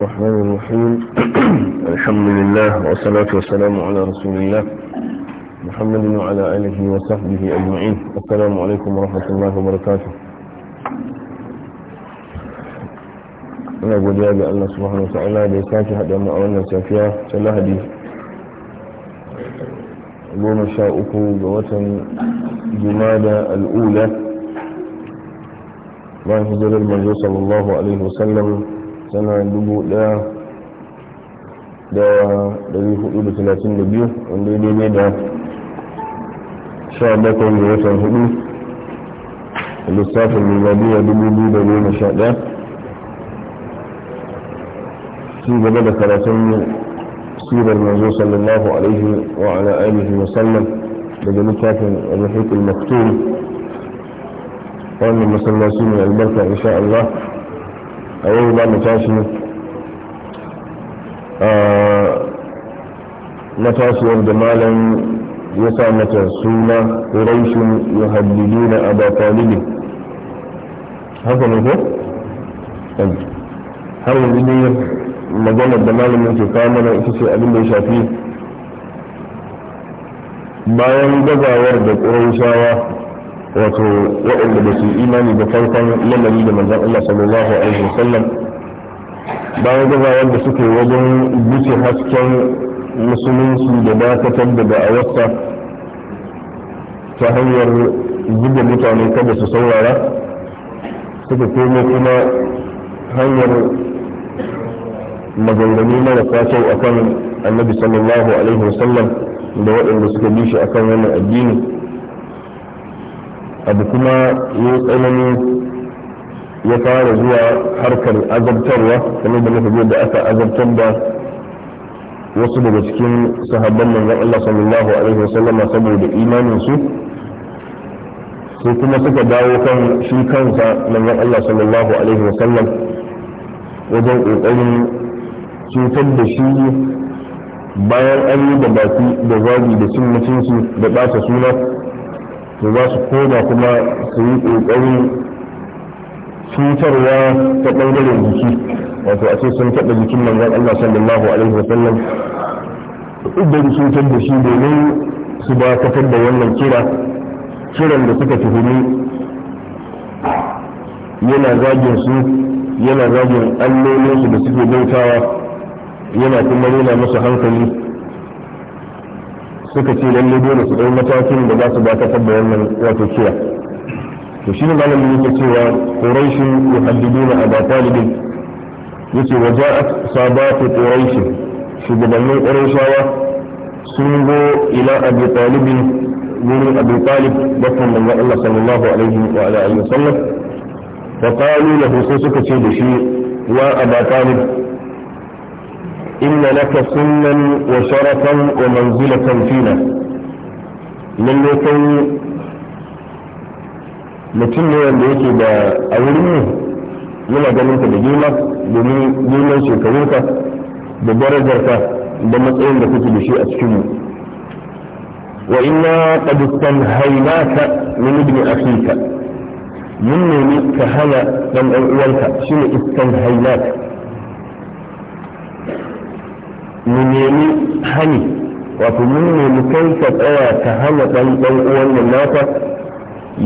الرحمن الرحيم الحمد لله والصلاة والسلام على رسول الله محمد وعلى آله وصحبه أجمعين السلام عليكم ورحمة الله وبركاته أنا أقول يا الله سبحانه وتعالى بيساتي حد أما أولنا سافيا سلاح دي اللهم شاءك بوطن جمادة الأولى ما هي جرر صلى الله عليه وسلم sana dubu ɗaya da ɗari hudu da talatin da biyu wanda ne da sha bakwai da watan hudu a lissafin miladiya dubu biyu da goma sha daya su gaba da karatun sirar mazo sallallahu alaihi wa ala alihi wa daga littafin al-rahiq al-maktum wannan masallaci mai albarka insha Allah a yau ba mu tashi Na matashiyar da malam ya sa mata suna ƙuraishin yuhallilina a batalili haka ne ko? har yanzu ne maganar da malamin ke kama na ita ce abin da ya shafi bayan gazawar da ƙuraishawa wato waɗanda da su imani da farkon lamari da manzan Allah sallallahu alaihi wasallam bayan gazawar da suke wajen wuce hasken musulunci da dakatar da da'awarsa ta hanyar zuba mutane kada su saurara suka komo kuma hanyar maganganu marasa a kan annabi sallallahu alaihi wasallam da waɗanda suka bi shi kan wannan addini abu kuma ya tsanani ya fara zuwa harkar azabtarwa kuma da muka da aka azabtar da wasu daga cikin sahabban manzon Allah sallallahu alaihi wasallama saboda imanin su sai kuma suka dawo kan shi kansa nan manzon Allah sallallahu alaihi wasallam wajen kokarin cutar da shi bayan an yi da baki da zagi da cin mutunci da ɓata suna to za su koma kuma su yi ƙoƙarin cutarwa ta ɓangaren jiki wato a ce sun taɓa jikin manzon Allah sallallahu alaihi wa sallam idan cutar da shi domin su ba dakatar da wannan kira kiran da suka tuhumi yana zagin su yana zagin allolinsu da suke bautawa yana kuma nuna musu hankali suka ce lalle dole su ɗau matakin da za su dakatar da wannan wato kira to shi ne malamin yake cewa quraishin yuhaddiduna aba talibin yace wa ja'at sabatu quraishin shugabannin quraishawa sun go ila abu talibin wurin abi talib bakan manzon Allah sallallahu alaihi wa ala alihi wasallam fa qalu lahu sai suka ce da shi wa aba talib إن لك سنا وشرفا ومنزلة فينا للي كي mutum ne wanda yake da a wurin mu yana ganin ka da girma domin girman shekarunka da darajarka da matsayin da kuke da shi a cikin mu wa inna qad istanhaynaka min ibn akhika mun nemi ka hana dan uwanka shine istanhaynaka mu nemi hani wato mun nemi kai ka tsaya ka hana ɗan ɗan uwan nan naka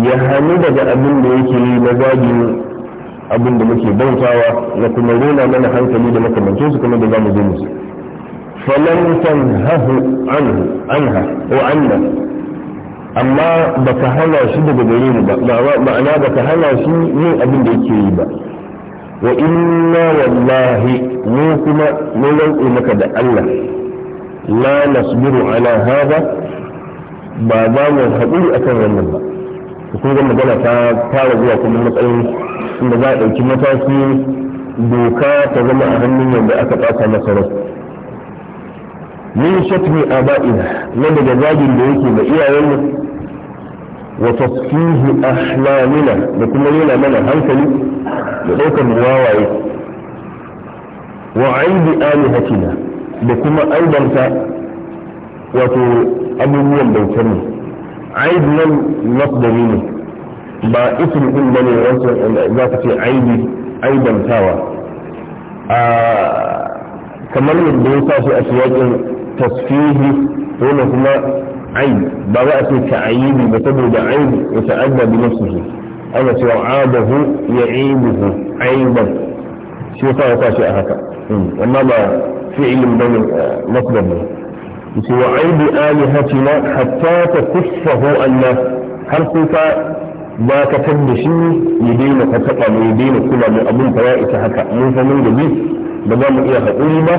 ya hannu daga abin da yake yi na zagin abin da muke bautawa na kuma rona mana hankali da makamancin su kuma da za mu zo musu falam tanhahu anhu anha ko anna amma ba ka hana shi daga gare mu ba ma'ana ba ka hana shi yin abin da yake yi ba wa inna wallahi mu kuma mu rantsu maka da Allah la nasbiru ala hada ba za mu haƙuri akan wannan ba kun gama magana ta fara zuwa kuma matsayin inda za a ɗauki mataki doka ta zama a hannun yadda aka ɓata masa rai min shatmi aba'ina na daga zagin da yake da iyayenmu wa a ahlamina da kuma yana mana hankali da ɗaukar wawaye wa aibi alihatina da kuma aibanta wato abubuwan bautar mu aib nan masdari ne ba isim din bane wasu za ka ce aibi aibantawa a kamar yadda ya sa shi a shiyakin tasfihi wannan kuma aib ba za a ce ka aibi ba saboda aib ya ta'adda bi nafsihi ana cewa abahu ya aibuhu aiban shi yasa ya tashi a haka hmm. amma ba fi'ilin bane eh, masdar ne yace wa aibi alihatina hatta takuffahu anna har sai ka dakatar da shi ya daina ka taba mu ya daina kula mu abun fa ya isa haka mun san mun gaji ba za mu iya haƙuri ba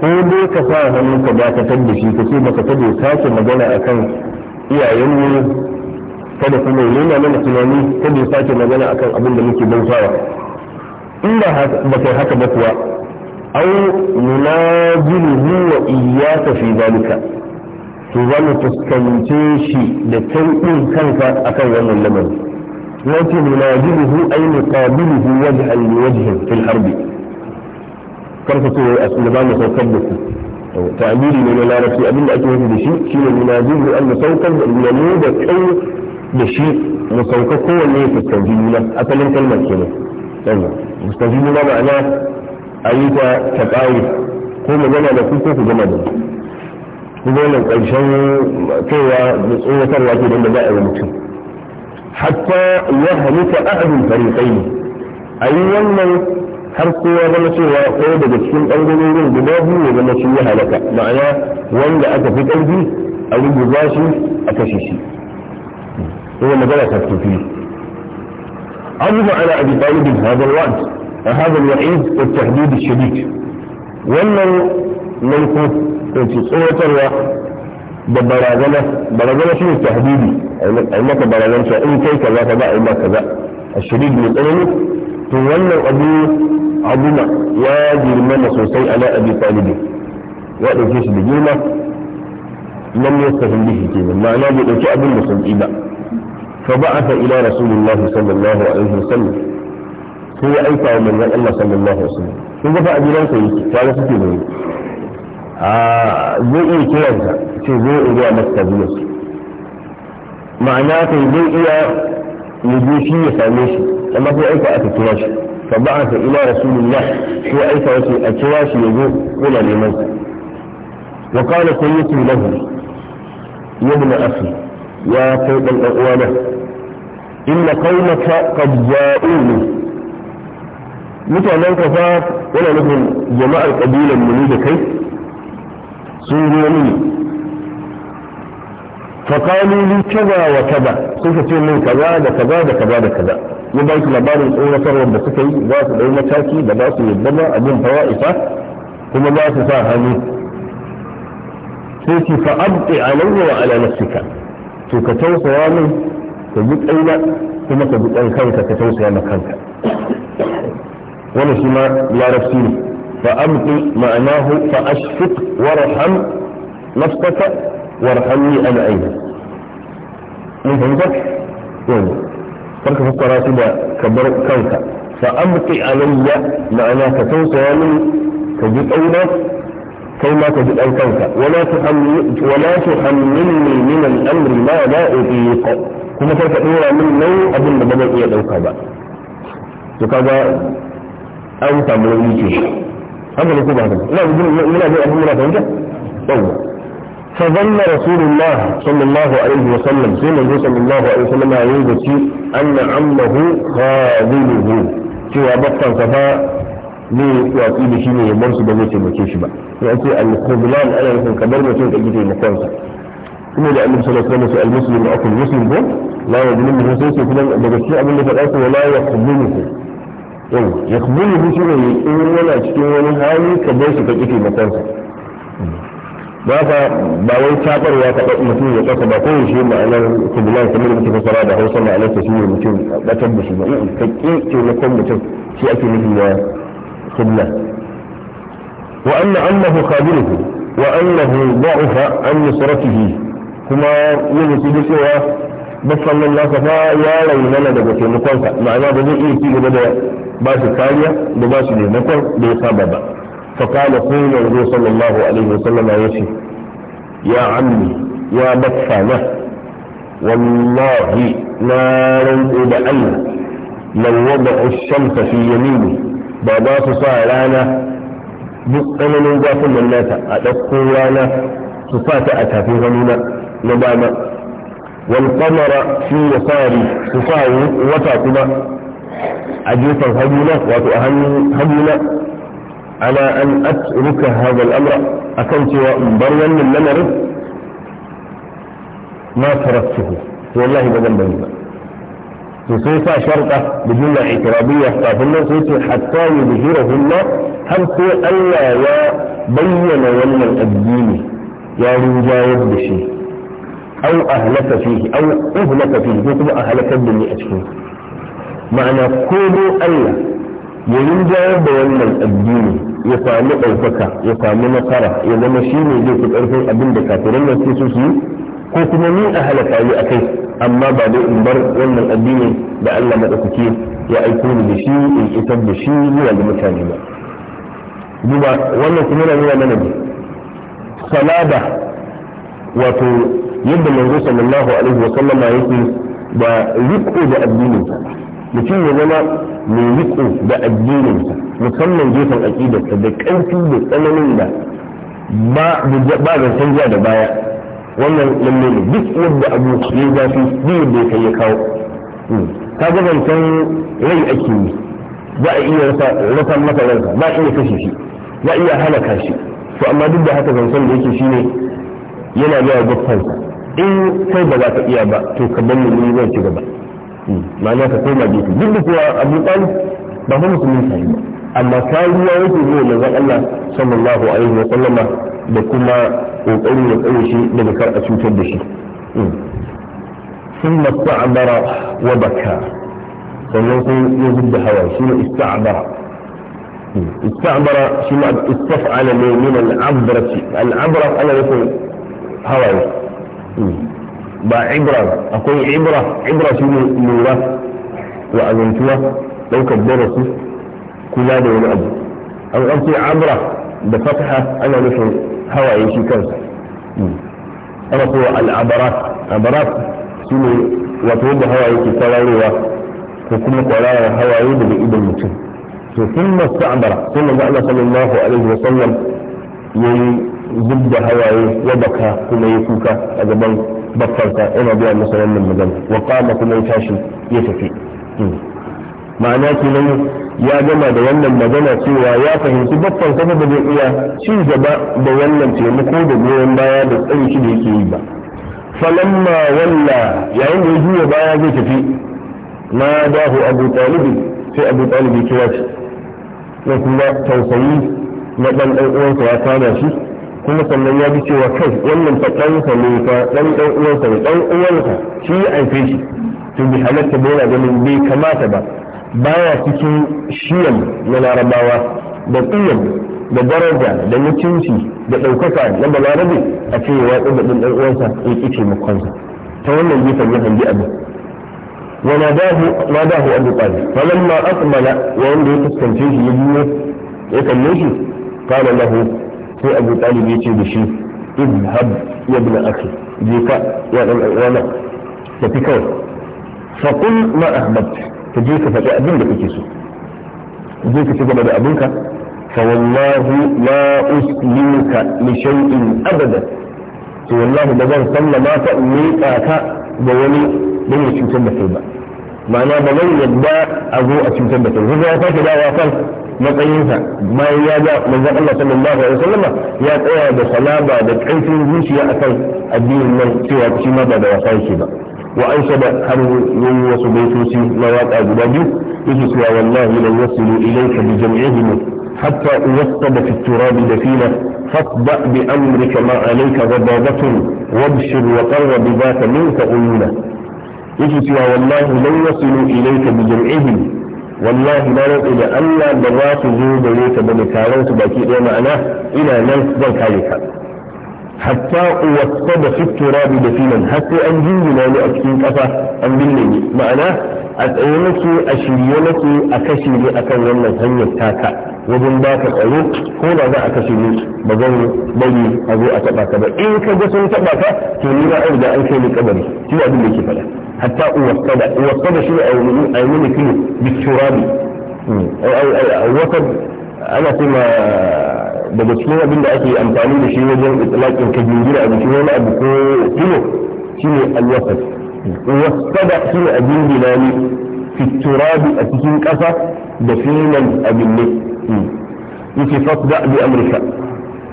ko dai ka sa hannun ka dakatar da shi ka ce baka tabe sake magana akan iyayenmu kada kuma ya nuna mana tunani kada ya sake magana akan abin da muke bautawa in ba ba kai haka ba kuwa au nunazilu wa iyyaka fi zalika to za mu fuskance shi da kai tauɗin kanka akan wannan lamarin wace nunazilu ay nuqabiluhu wajhan li wajhin fil harbi karka ce wai asu da mu saukar da ku ta'abiri ne na larabci abinda ake nufi da shi shine nunazilu an saukar da mu da kai da shi mu sauka kowanne ya fuskanci juna asalin kalmar kenan yawwa fuskanci juna ma'ana a yi ta ta ƙare ko mu gama da ku ko ku gama da ku kuma wannan ƙarshen kaiwa da tsoratarwa ke da za a yi mutum hatta ya halitta ahadin fariƙai ne a yi wannan har kowa zama cewa ɗaya daga cikin ɓangarorin guda biyu ya zama shi ya halaka ma'ana wanda aka fi ƙarfi a rubuta shi a kashe shi هو ما جلست فيه عظم على ابي طالب هذا الوعد هذا الوعيد والتهديد الشديد ومن منكم في صورة الله ببرازنة برازنة شنو التهديد؟ أي مكة برازنة إن كي كذا كذا أو كذا الشديد من الأمم تولى أبو عظمة يا جرمان سوسي على أبي طالب وأن جيش بجرمة لم يستهم به كذا ما نادي أبو مسلم إذا فبعث إلى رسول الله صلى الله عليه وسلم هو أيضا من الله صلى الله عليه وسلم ثم فأ بلان سيسي فأنا ستبه آآ إيه كيانسا شو زي إيه يا مكة بلوس معناته زي إيه نجوشي يساميش أما هو أيضا أتكراش فبعث إلى رسول الله هو أيضا أتكراش يجو قول لمن وقال سيسي له يا ابن أخي يا قوم الأقوال إن قومك قد جاءوني مثل لنك فات ولا نفهم جماعة قبيلة من يدكي سنجوني فقالوا لي كذا وكذا سوف تقول لي كذا وكذا وكذا وكذا يبقى لما بعد الأولى صار رب سكي ذات الأولى تاكي ذات يبنى أدن فوائفة ثم ذات ساهمي فأبقي علي وعلى نفسك to ka tausaya min ka yi kaina kuma ka ji kanka ka tausaya ma kanka wannan shi ma larabci ne fa amti ma'anahu fa ashfiq warham nafsaka warhamni an aina mun fahimta yau farka fassara shi da ka bar kanka fa amti alayya ma'ana ka tausaya min ka yi kaina kai ma ka ji dan kanka wala tuhammil wala tuhammilni min amri ma la utiq kuma sai ka dora min nau abin da ba zan iya dauka ba to kaga an samu rauni ke haka ne ko ba haka ina jin muna jin abin muna fahimta yawa fa zanna rasulullah sallallahu alaihi wa sallam sai manzo yi cewa bakkan ne ya watsi da shi ne ya bar su ba zai taimake shi ba ya ce al-khudlan ana nufin kamar mutum da yake taimakon sa kuma da annabi sallallahu alaihi wasallam al-muslimu akul muslim ko la yadlimu sai sai kuma daga cikin abin da faɗa ko la yakhdhuluhu yau yakhdhuluhu shi ne in yana cikin wani hali ka bar shi ka kike taimakon sa ba ka ba wai tabarwa ka ɗauki mutum ya ɗauka ba kawai shi ma'anar khudlan kamar da muke fasara da Hausa ma'anar ta shi ne mutum a ɓatar da shi ba ka ƙi taimakon mutum shi ake nufi da قبلة وأن عمه خادره وأنه ضعف عن نصرته كما يمسي سوى بس أن الله صفاء يا ليلنا دبك مقوصة معناه بذي إيه تيجي بدأ باش كاليا بباش دي مقوص فقال قول الرسول صلى الله عليه وسلم يا يشي يا عمي يا بطفانة والله لا لن أدعي لو وضع الشمس في يميني ba za su sa rana duk tsananin zafin nan nata a ɗauko rana su sa ta a tafi hannuna na dama wal qamara fi yasari su sa wata kuma a gefen na wato a hannu na ana an atruka hadha al-amra akan cewa in bar wannan lamarin ma taraktuhu wallahi ba zan bari ba سيسا شرطة بجملة اعتراضية فهنا سيسا حتى يظهره الله هم سي ألا يبين ولا الدين يا رجاوب بشيء أو أهلك فيه أو أهلك فيه يقول أهلك الدنيا أشكوك معنى كونوا ألا يرجاوب ولا الدين يسامي أوفكا يسامي نصرة إذا مشيني يجيك الأرض أبن بكاترين يسيسوسي ko kuma ni a halaka ne a kai amma ba dai in bar wannan addini da Allah madaukake ya aiko ni da shi in isar da shi zuwa ga mutane ba duba wannan kuma yana nuna mana salaba wato yadda manzo sallallahu alaihi wa sallama yake da riko da addininsa mutum ya zama mai riko da addininsa musamman gefen aƙidarsa da ƙarfi da tsananin da ba zancen jiya da baya wannan lalle ne duk yadda abu ya zafi ne yadda ya kai ya kawo hmm. ka gaban can rai ake yi za a iya rasa masa ransa za a iya kashe shi za a iya halaka shi to amma duk da haka zancen da yake shi ne yana zuwa gwabtansa in kai ba za ka iya ba to ka bar ni zan ci gaba hmm. ma'ana ka koma gefe duk da kuwa abu ɗan ba fa musulmi sai ba amma kariya yake ne manzon Allah sallallahu alaihi wa sallama da kuma kokari ya tsaye shi daga kar a cutar da shi ثم استعبر وبكى sannan sai ya zubda hawa shi ne ista'bara ista'bara shi ne istaf'ala ne min al'abrati al'abra ana nufin hawaye ba ibra akwai ibra ibra shi ne lura wa azantuwa daukar darasi kula da wani abu an ce abra da fataha ana nufin hawaye shi kansa ana so al'abarat abarat su ne wato yadda hawaye ke kwararowa ko kuma kwararar hawaye daga idon mutum to sun masu abara sun da Allah sallallahu alaihi wa sallam ya yi zub da hawaye ya baka kuma ya kuka a gaban bakkarsa yana biya masa wannan magana wa kama kuma ya tashi ya tafi hmm. ma'ana kenan ya gama da wannan magana cewa ya fahimci babban kafa ba zai iya ci gaba da wannan taimako da goyon baya da tsari shi da yake yi ba falamma walla yayin da ya juya baya zai tafi na dahu abu talibi sai abu talibi kira shi na kuma tausayi na dan ɗan uwansa ya kama shi kuma sannan ya bi cewa kai wannan fa sa ne fa ɗan ɗan uwansa ne ɗan uwansa shi ya aife shi to bi halatta bai ganin bai kamata ba baya cikin shiyan na larabawa da tsiyan da daraja da mutunci da ɗaukaka na balarabe a ce ya watsa da ɗan uwansa ya ƙi taimakonsa ta wannan gefen ya hangi abin wa nadahu nadahu abu talib falamma aqbala wa wanda ya fuskance shi ya biyo ya kalle shi qala lahu sai abu talib ya ce da shi idhab ya ibn akhi je ka ya dan uwana tafi kawai fa qul ma ahbabta ka je ka faɗi abin da kake so ka je ka ci gaba da abinka fa wallahi la uslimuka li shay'in abada to wallahi ba zan sallama ka miƙa ka ga wani don ya cutar da kai ba ma'ana ba zan yadda a zo a cutar da kai zai ya da dawa kan matsayinsa bayan ya ga manzon Allah sallallahu alaihi wasallama ya tsaya da salaba da ƙarfin zuciya akan addinin nan cewa shi ma ba da wasa yake ba wa an shaba har yin wasu baitoci na waƙa guda biyu yake cewa wallahi lan yasilu ilayka bi jam'ihim hatta yuwastada fi turab dafina fasda bi amrika ma alayka ghadabatun wabshir wa qarra bi dhaka minka uyuna yake cewa wallahi lan yasilu ilayka bi jam'ihim wallahi na rantsi da Allah da za su zo gare ka da taron su baki ɗaya ma'ana ina nan zan kare ka hatta uwasta da fitura da filan har sai an jingina ni a cikin ƙasa an binne ni ma'ana a tsaye nake a shirye nake a kashe ni akan wannan hanyar taka wajen ba ka tsaro ko da za a kashe ni ba zan bari a zo a taɓa ka ba in ka ga sun taɓa ka to ni ba an riga an kai ni kabari shi abin da ke faɗa hatta uwasta da uwasta da shi a yi mini kilo biturabi a wata ana kuma daga cikin abin da ake amfani da shi wajen itilakin ka jingira a jikin wani abu ko filo shi ne alwasat wasada shi ne abin gilani fiturabi a cikin ƙasa da filan abin ne yake fasda bi amurka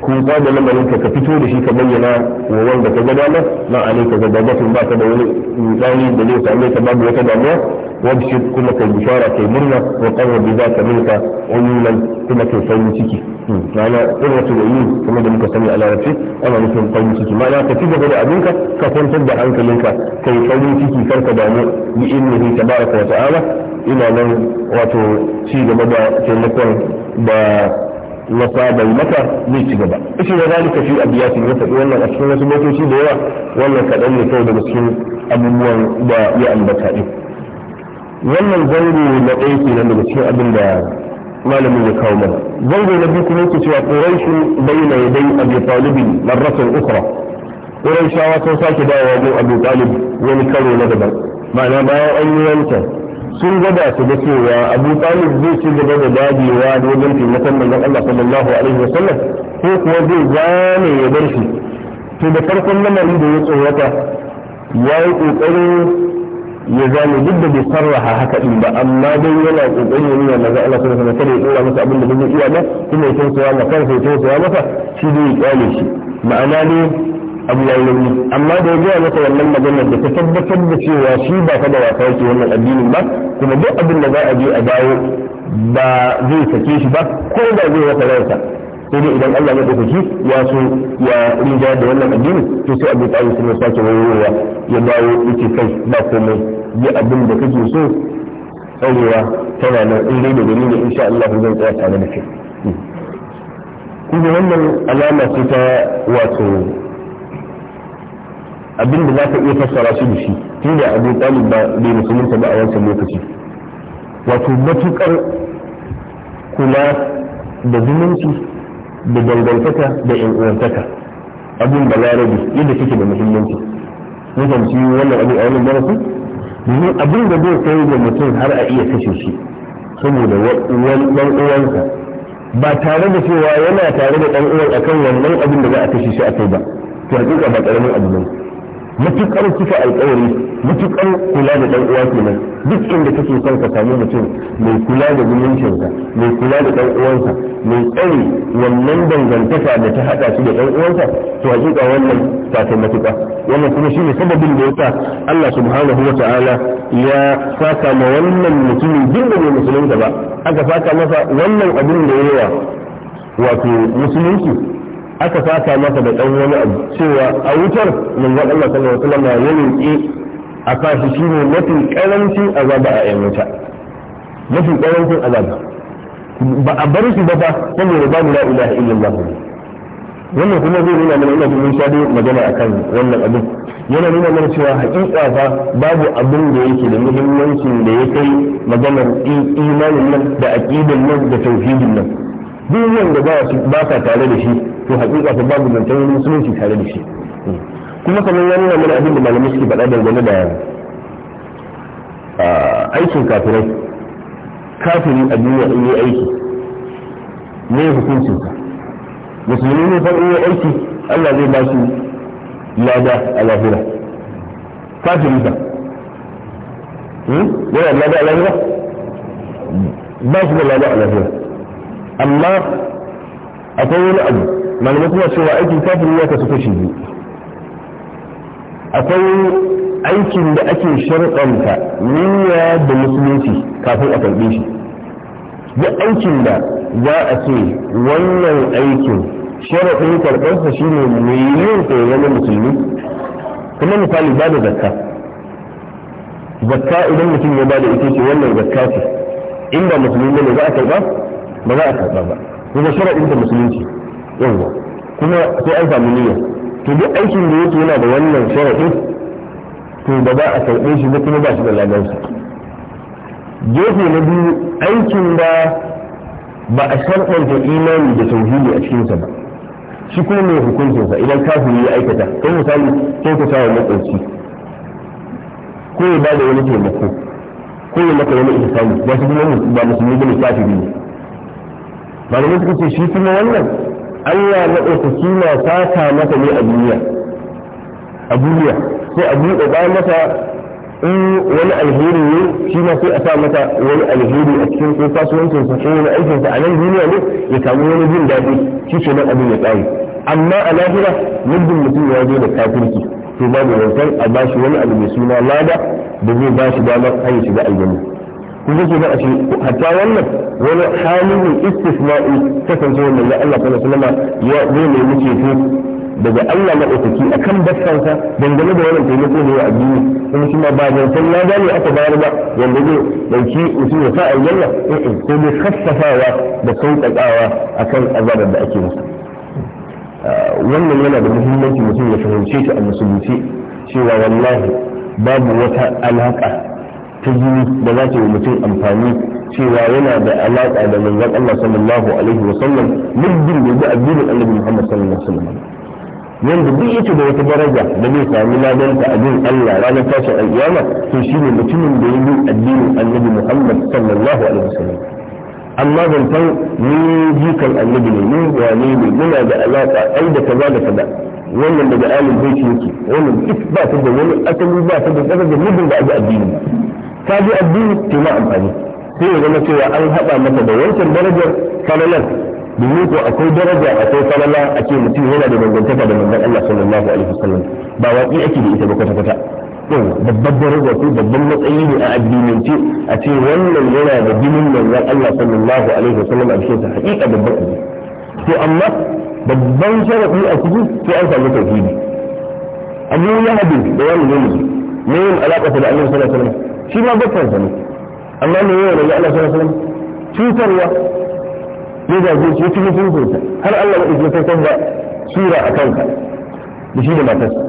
ba da lamarin ka ka fito da shi ka bayyana wa wanda ka Na dama la alayka gadabatun ba ka da wani tsari da zai same ka babu wata damuwa shi kuma kai bishara kai murna wa qarra bi zaka minka uyunan kuma kai farin ciki hmm, ma'ana qurratu uyun kuma da muka sani a larabci ana nufin farin ciki ma'ana ka ci gaba da abinka ka kwantar da hankalinka kai farin ciki kar ka damu bi innahu tabaraka wa ta'ala ina nan wato ci gaba da taimakon da na bai yi mata zai ci gaba ishi na zalika fi abiyatin ya mata? wannan a cikin wasu motoci da yawa wannan kaɗan ne kawai daga cikin abubuwan da ya ambata ɗin wannan zango na ɗaya ke nan daga cikin abin da malamin ya kawo mana zango na biyu kuma yake cewa ƙuraishin bai na yadai abu talibin marratan ukra ƙuraishawa sun sake dawowa don abu talib wani karo na daban ma'ana bayan an yi wancan sun gaba su ga cewa abu talib zai ci gaba da dagewa da wajen taimakon manzon Allah sallallahu alaihi wasallam ko kuwa zai gane ya bar shi to da farkon lamarin da ya tsorata ya yi ƙoƙarin ya zame duk da bai sarraha haka din ba amma dai yana ƙoƙarin ya nuna manzon Allah sallallahu alaihi wasallam kada ya tsora masa abin da zai iya ba kuma ya tausaya ma kansa ya tausaya masa shi dai ya kyale shi ma'ana ne abu ya yi amma da ya gaya masa wannan maganar da ta tabbatar da cewa shi ba ta da wasa yake wannan addinin ba kuma duk abin da za a je a dawo ba zai sake shi ba ko da zai rasa ransa sai dai idan Allah ya ɗaukaki ya so ya rinja da wannan addinin to sai abin tsayi sake wayowa ya dawo yake kai ba komai yi abin da kake so tsarewa tana nan in dai da gani ne insha Allah zan tsaya tare da kai hmm. kuma wannan alama ce ta wato abin da za ka iya fassara shi da shi shi ne abu talib ba bai musulunta ba a wancan lokaci wato matukar kula da zumunci da dangantaka da uwantaka abin ba za rabi, yadda kake da muhimmanci mun fahimci wannan abin a wannan darasi domin abin da zai kai da mutum har a iya kashe shi saboda ɗan uwansa ba tare da cewa yana tare da ɗan uwan akan wannan abin da za a kashe shi a kai ba to hakika ba ƙaramin abu ne matuƙar suka alƙawari matuƙar kula da ɗan uwa kenan duk inda kake son ka samu mutum mai kula da zumuncinsa mai kula da ɗan uwansa mai tsare wannan dangantaka da ta haɗa shi da ɗan uwansa to hakika wannan ta kai matuƙa wannan kuma shine sababin da yasa Allah subhanahu wa ta'ala ya saka ma wannan mutumin duk da bai musulunta ba aka saka masa wannan abin da yawa wato musulunci aka saka masa da ɗan wani abu cewa a wutar manzon Allah sallallahu alaihi wasallam ya roƙi a kashi shine mafi ƙarancin azaba a yan wuta mafi ƙarancin azaba ba a bar shi ba fa, ba saboda babu la ilaha illallah wannan kuma zai nuna mana ina mun sha dai magana akan wannan abin yana nuna mana cewa hakika fa babu abin da yake da muhimmancin da ya kai maganar imanin nan da aqidan nan da tauhidin nan duk wanda ba ba tare da shi to hakika fa babu zancen wani musulunci tare da shi kuma kamar ya nuna mana abin da malamai suke faɗa dangane da ah, aikin kafirai kafiri a duniya in yi aiki ne hukuncinsa musulmi ne fa yi aiki Allah zai ba su lada a lahira kafiri fa hmm? yana lada a lahira ba shi da lada a lahira amma akwai wani abu malamai suna cewa aikin kafin ya kasu kashi biyu akwai aikin da ake sharɗanta niyya da musulunci kafin a karɓe shi duk aikin da za a ce wannan aikin sharaɗin karɓarsa shi ne mai yin ya zama musulmi kuma misali ba da zakka zakka idan mutum ya ba da ita ce wannan zakka ce inda musulmi ne za a karɓa ba za a karɓa ba kuma shara'in da musulunci yawa kuma sai an samu niyya to duk aikin da yake yana da wannan sharaɗi to ba za a karɓe shi ba kuma ba shi da ladansa gefe na biyu aikin da ba a sharɗanta imani da tauhidi a cikinsa ba shi kuma mai hukuncinsa idan kafin ya aikata kai misali kai ka sawa matsauci ko ya ba da wani taimako ko ya maka wani ihsani ba su kuma ba musulmi ne kafiri ne malamai suka ce shi kuma wannan Allah maɗaukaki na sata masa ne a duniya a duniya sai a buɗe ba masa in wani alheri ne shi ma sai a sa masa wani alheri a cikin ko kasuwancin sa ko wani aikin sa a nan duniya ne ya samu wani jin daɗi shi ke nan abin ya tsari amma a lahira muddin mutum ya zo da kafirki to babu wancan a bashi wani abu mai suna lada da zai bashi damar hanyar shiga aljanna ku zai ba a ce hatta wannan wani hali ne istisna'i kasance wannan ya Allah sallallahu alaihi wasallam ya zai nemi ceto daga Allah maɗaukaki a kan bassansa dangane da wannan taimako ne wa addini kuma shi ma ba zancen ya gane aka bayar ba wanda zai dauki mutum ya sa aljanna eh, ko dai kassafawa da sauƙaƙawa akan azabar da ake musu ah, wannan yana da muhimmanci mutum ya fahimce shi a musulunci cewa wallahi babu wata alaƙa ta jini da za ta yi mutum amfani cewa yana da alaƙa da manzon Allah sallallahu alaihi wa sallam muddin da bi addinin Annabi Muhammad sallallahu alaihi wa sallam yanda duk yake da wata daraja da zai sami ladanta a bin Allah ranar tashin alƙiyama to shine mutumin da ya bi addinin Annabi Muhammad sallallahu alaihi wa sallam amma zantan ni jikan annabi ne ni wane ne muna da alaƙa ai da kaza da kaza wannan daga alin baiti yake wannan duk ba ta da wani asali ba ta da kaza da muddin da a addini ka ji addini ke ma amfani sai ya zama cewa an haɗa masa da wancan darajar falalar domin ko akwai daraja akwai falala a ce mutum yana da dangantaka da manzon Allah sallallahu alaihi wasallam ba watsi ake da ita ba kwata kwata babbar daraja ce babban matsayi ne a addinance a ce wannan yana da jinin manzon Allah sallallahu alaihi wasallam a cikin sa haƙiƙa babban abu to amma babban sharafi a cikin sai an samu tauhidi abu ya hadu da wani ne ne yin alaƙa da Allah sallallahu alaihi wasallam shi ma bakwansa ne amma me yawa daga Allah sallallahu alaihi wasallam cutarwa ne da zai ci cikin sunsa har Allah ya ɗauke san ba sura a kanka da shi da matarsa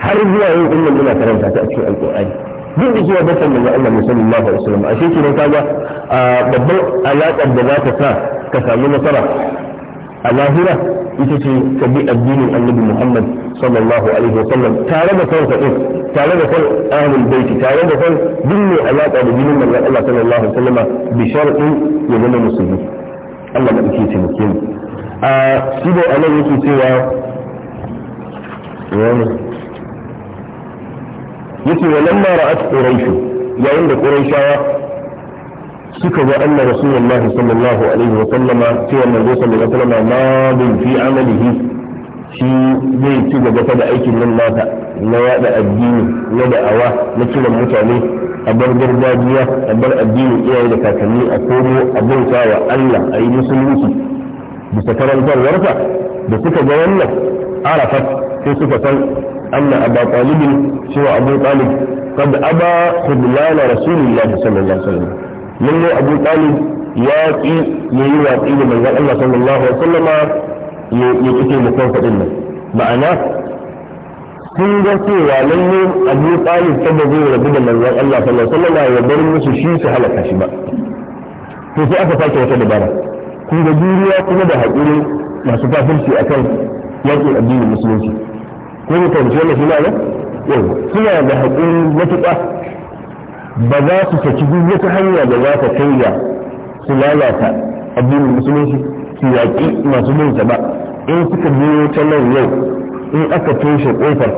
har zuwa yau din muna karanta ta a cikin alqur'ani duk da cewa bakwan manzo Allah sallallahu alaihi wasallam ashe kiran kaga babban alaƙar da za ka sa ka samu nasara a lahira ita ce ka bi addinin annabi muhammad sallallahu alaihi wasallam tare da kan kaɗin tare da kan ahlul baiti tare da kan duk mai alaƙa da jinin manzon allah sallallahu alaihi wasallama bi sharadin ya zama musulmi allah da ake taimake mu a shi da anan yake cewa yace walamma ra'at quraish yayin da quraishawa suka ga Allah rasulullah sallallahu alaihi wa sallama cewa manzo sallallahu alaihi wa sallama madun fi amalihi shi zai ci gaba da aikin nan nata na yada addini na da'awa na kiran mutane a bar gargajiya a bar addinin iyaye da kakanni a komo a bauta wa Allah a yi musulunci bisa karantarwarsa da suka ga wannan arafat sai suka san anna aba talibin cewa abu talib qad aba khudlana rasulullahi sallallahu alaihi wa sallam lallai abu talib ya ƙi ya yi watsi da manzon Allah sallallahu alaihi ya ƙi taimakon faɗin nan ma'ana sun ga cewa lallai abu talib kada zai rabu da manzon Allah sallallahu alaihi ya bar musu shi su halaka shi ba to sai aka sake wata dabara kun ga juriya kuma da haƙuri masu kafirci akan yakin addinin musulunci ko suna da haƙuri matuƙa ba za su saki duk wata hanya da za ta kai ga su lalata addinin musulunci su yaƙi masu bin ba in suka biyo ta nan yau in aka toshe ƙofar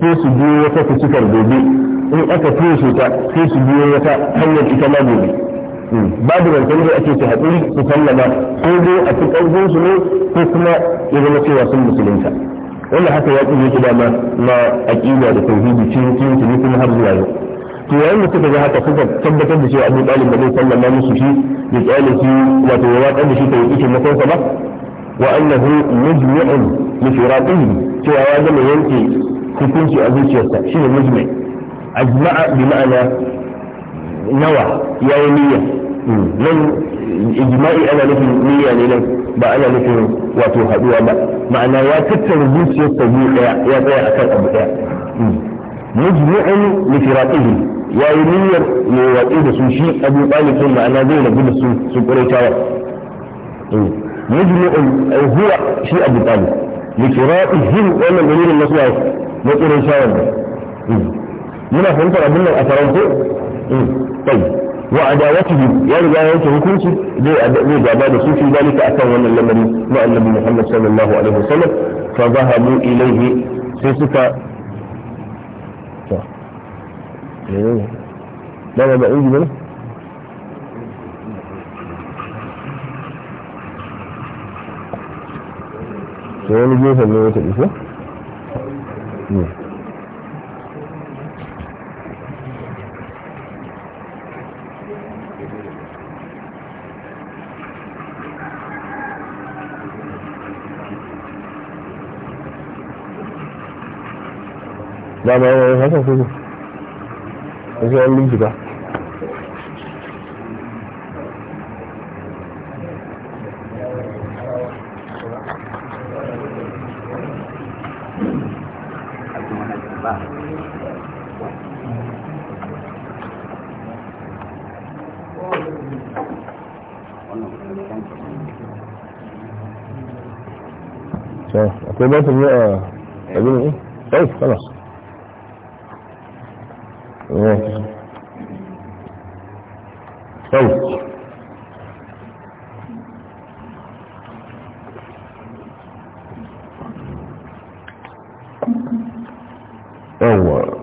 sai su biyo wata fuskar gobe in aka toshe ta sai su biyo wata hanyar ita ma gobe hmm. babu zancen da ake su haƙuri su sallama ko dai a fi ƙarfin su ne ko kuma ya zama cewa sun musulunta wannan haka ya ƙi yake dama na aƙida da tauhidi cikin cikin kuma har zuwa yau to yayin da suka ga haka suka tabbatar da cewa abu ɗalib ba zai sallama musu shi da tsale shi wato ya watsar da shi ta yi taimakonsa ba wa annahu mujmi'un li firaqihi cewa ya zama yanke hukunci a zuciyarsa shine mujmi' ajma'a bi ma'ana nawa yayi niyya nan ijma'i ana nufin niyya ne nan ba ana nufin wato haduwa ba ma'ana ya tattara zuciyarsa biyu daya ya tsaya akan abu daya mujmi'in li firaqihi yayi niyyar ya waƙi da su shi abu talib din ma'ana zai rabu da su su quraitawa mujmi'in ay huwa shi abu talib li firaqihim wannan dalilin maslaha na quraitawa muna fahimtar abin nan a faranko tayyib wa adawatihi ya riga yanke hukunci zai zai gaba da su fi dalika akan wannan lamari na annabi Muhammad sallallahu alaihi wasallam fa zahabu ilayhi sai suka ايه ده انا بقول منه سؤال جيد اللي هو تقول لا ما هو هذا كله yanzu an bincika a abin طيب هو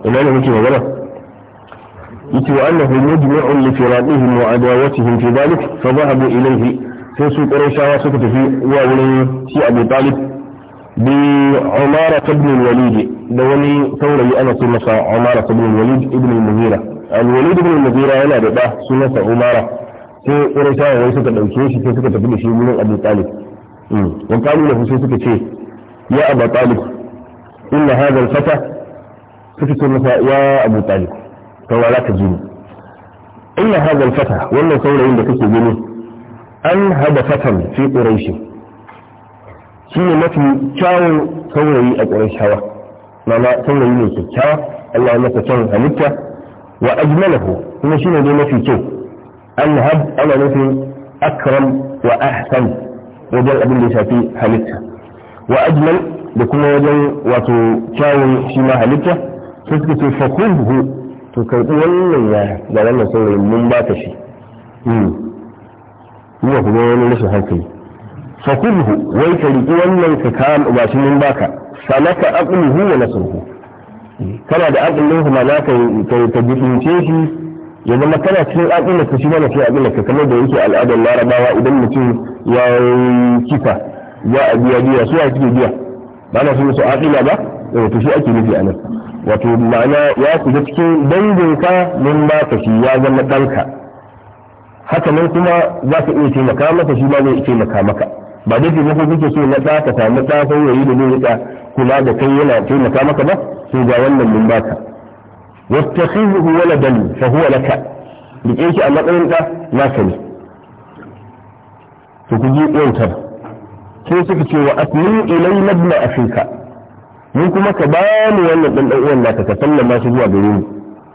العلم يمكن ولا وأنه مجمع لفراقهم وعداوتهم في ذلك فذهبوا إليه فسوق قريشا وسكت في واولين في أبي طالب بعمارة بن الوليد دوني ثوري أنا سنة عمارة بن الوليد ابن المغيرة الوليد بن المغيرة أنا بقى سنة عمارة في قريشة ويسة الأوكيش في سكة ابن شيء من أبي طالب وقالوا له في سكة شيء يا أبا طالب إن هذا الفتى سكة النساء يا أبو طالب لا تجيني إن هذا الفتى وإن ثوري عندك تجيني هذا فتى في قريش shi ne mafi kyawun saurayi a ƙurashawa mama saurayi ne kyakkyawa Allah ya masa kyan halitta wa ajmalahu kuma shi ne dai mafi kyau an hab ana nufin akram wa ahsan wajen abin da ya shafi halitta wa ajmal da kuma wajen wato kyawun shi ma halitta sai suka ce fakuhu to karɓi wannan ya da wannan saurayin mun ba ka shi. Ina hmm. kuma wani rashin hankali. fakulhu wai ka riƙi wannan ka kama ba shi mun baka salaka aqluhu wa nasruhu kana da aqlin kuma za ka ka jibince shi ya zama kana cikin aqlin ka shi mana sai aqlin ka kamar da yake al'adar larabawa idan mutum ya kifa za a biya biya su ake biya ba na so su aqila ba to shi ake nufi nan. wato ma'ana ya shiga cikin dangin danginka mun baka shi ya zama ɗanka haka nan kuma za ka iya taimaka masa shi ma zai taimaka maka ba dai taimako kuke so na ɗa ka samu ɗa saurayi da zai rika kula da kai yana taimaka maka ba sai ga wannan mun baka wattakhidhu waladan fa huwa laka rike shi a matsayin ɗa naka ne to ku ji ɗautar sai suka ce wa asmin ilai nabna afirka mun kuma ka ba mu wannan ɗan ɗan uwan naka ka sallama shi zuwa gare mu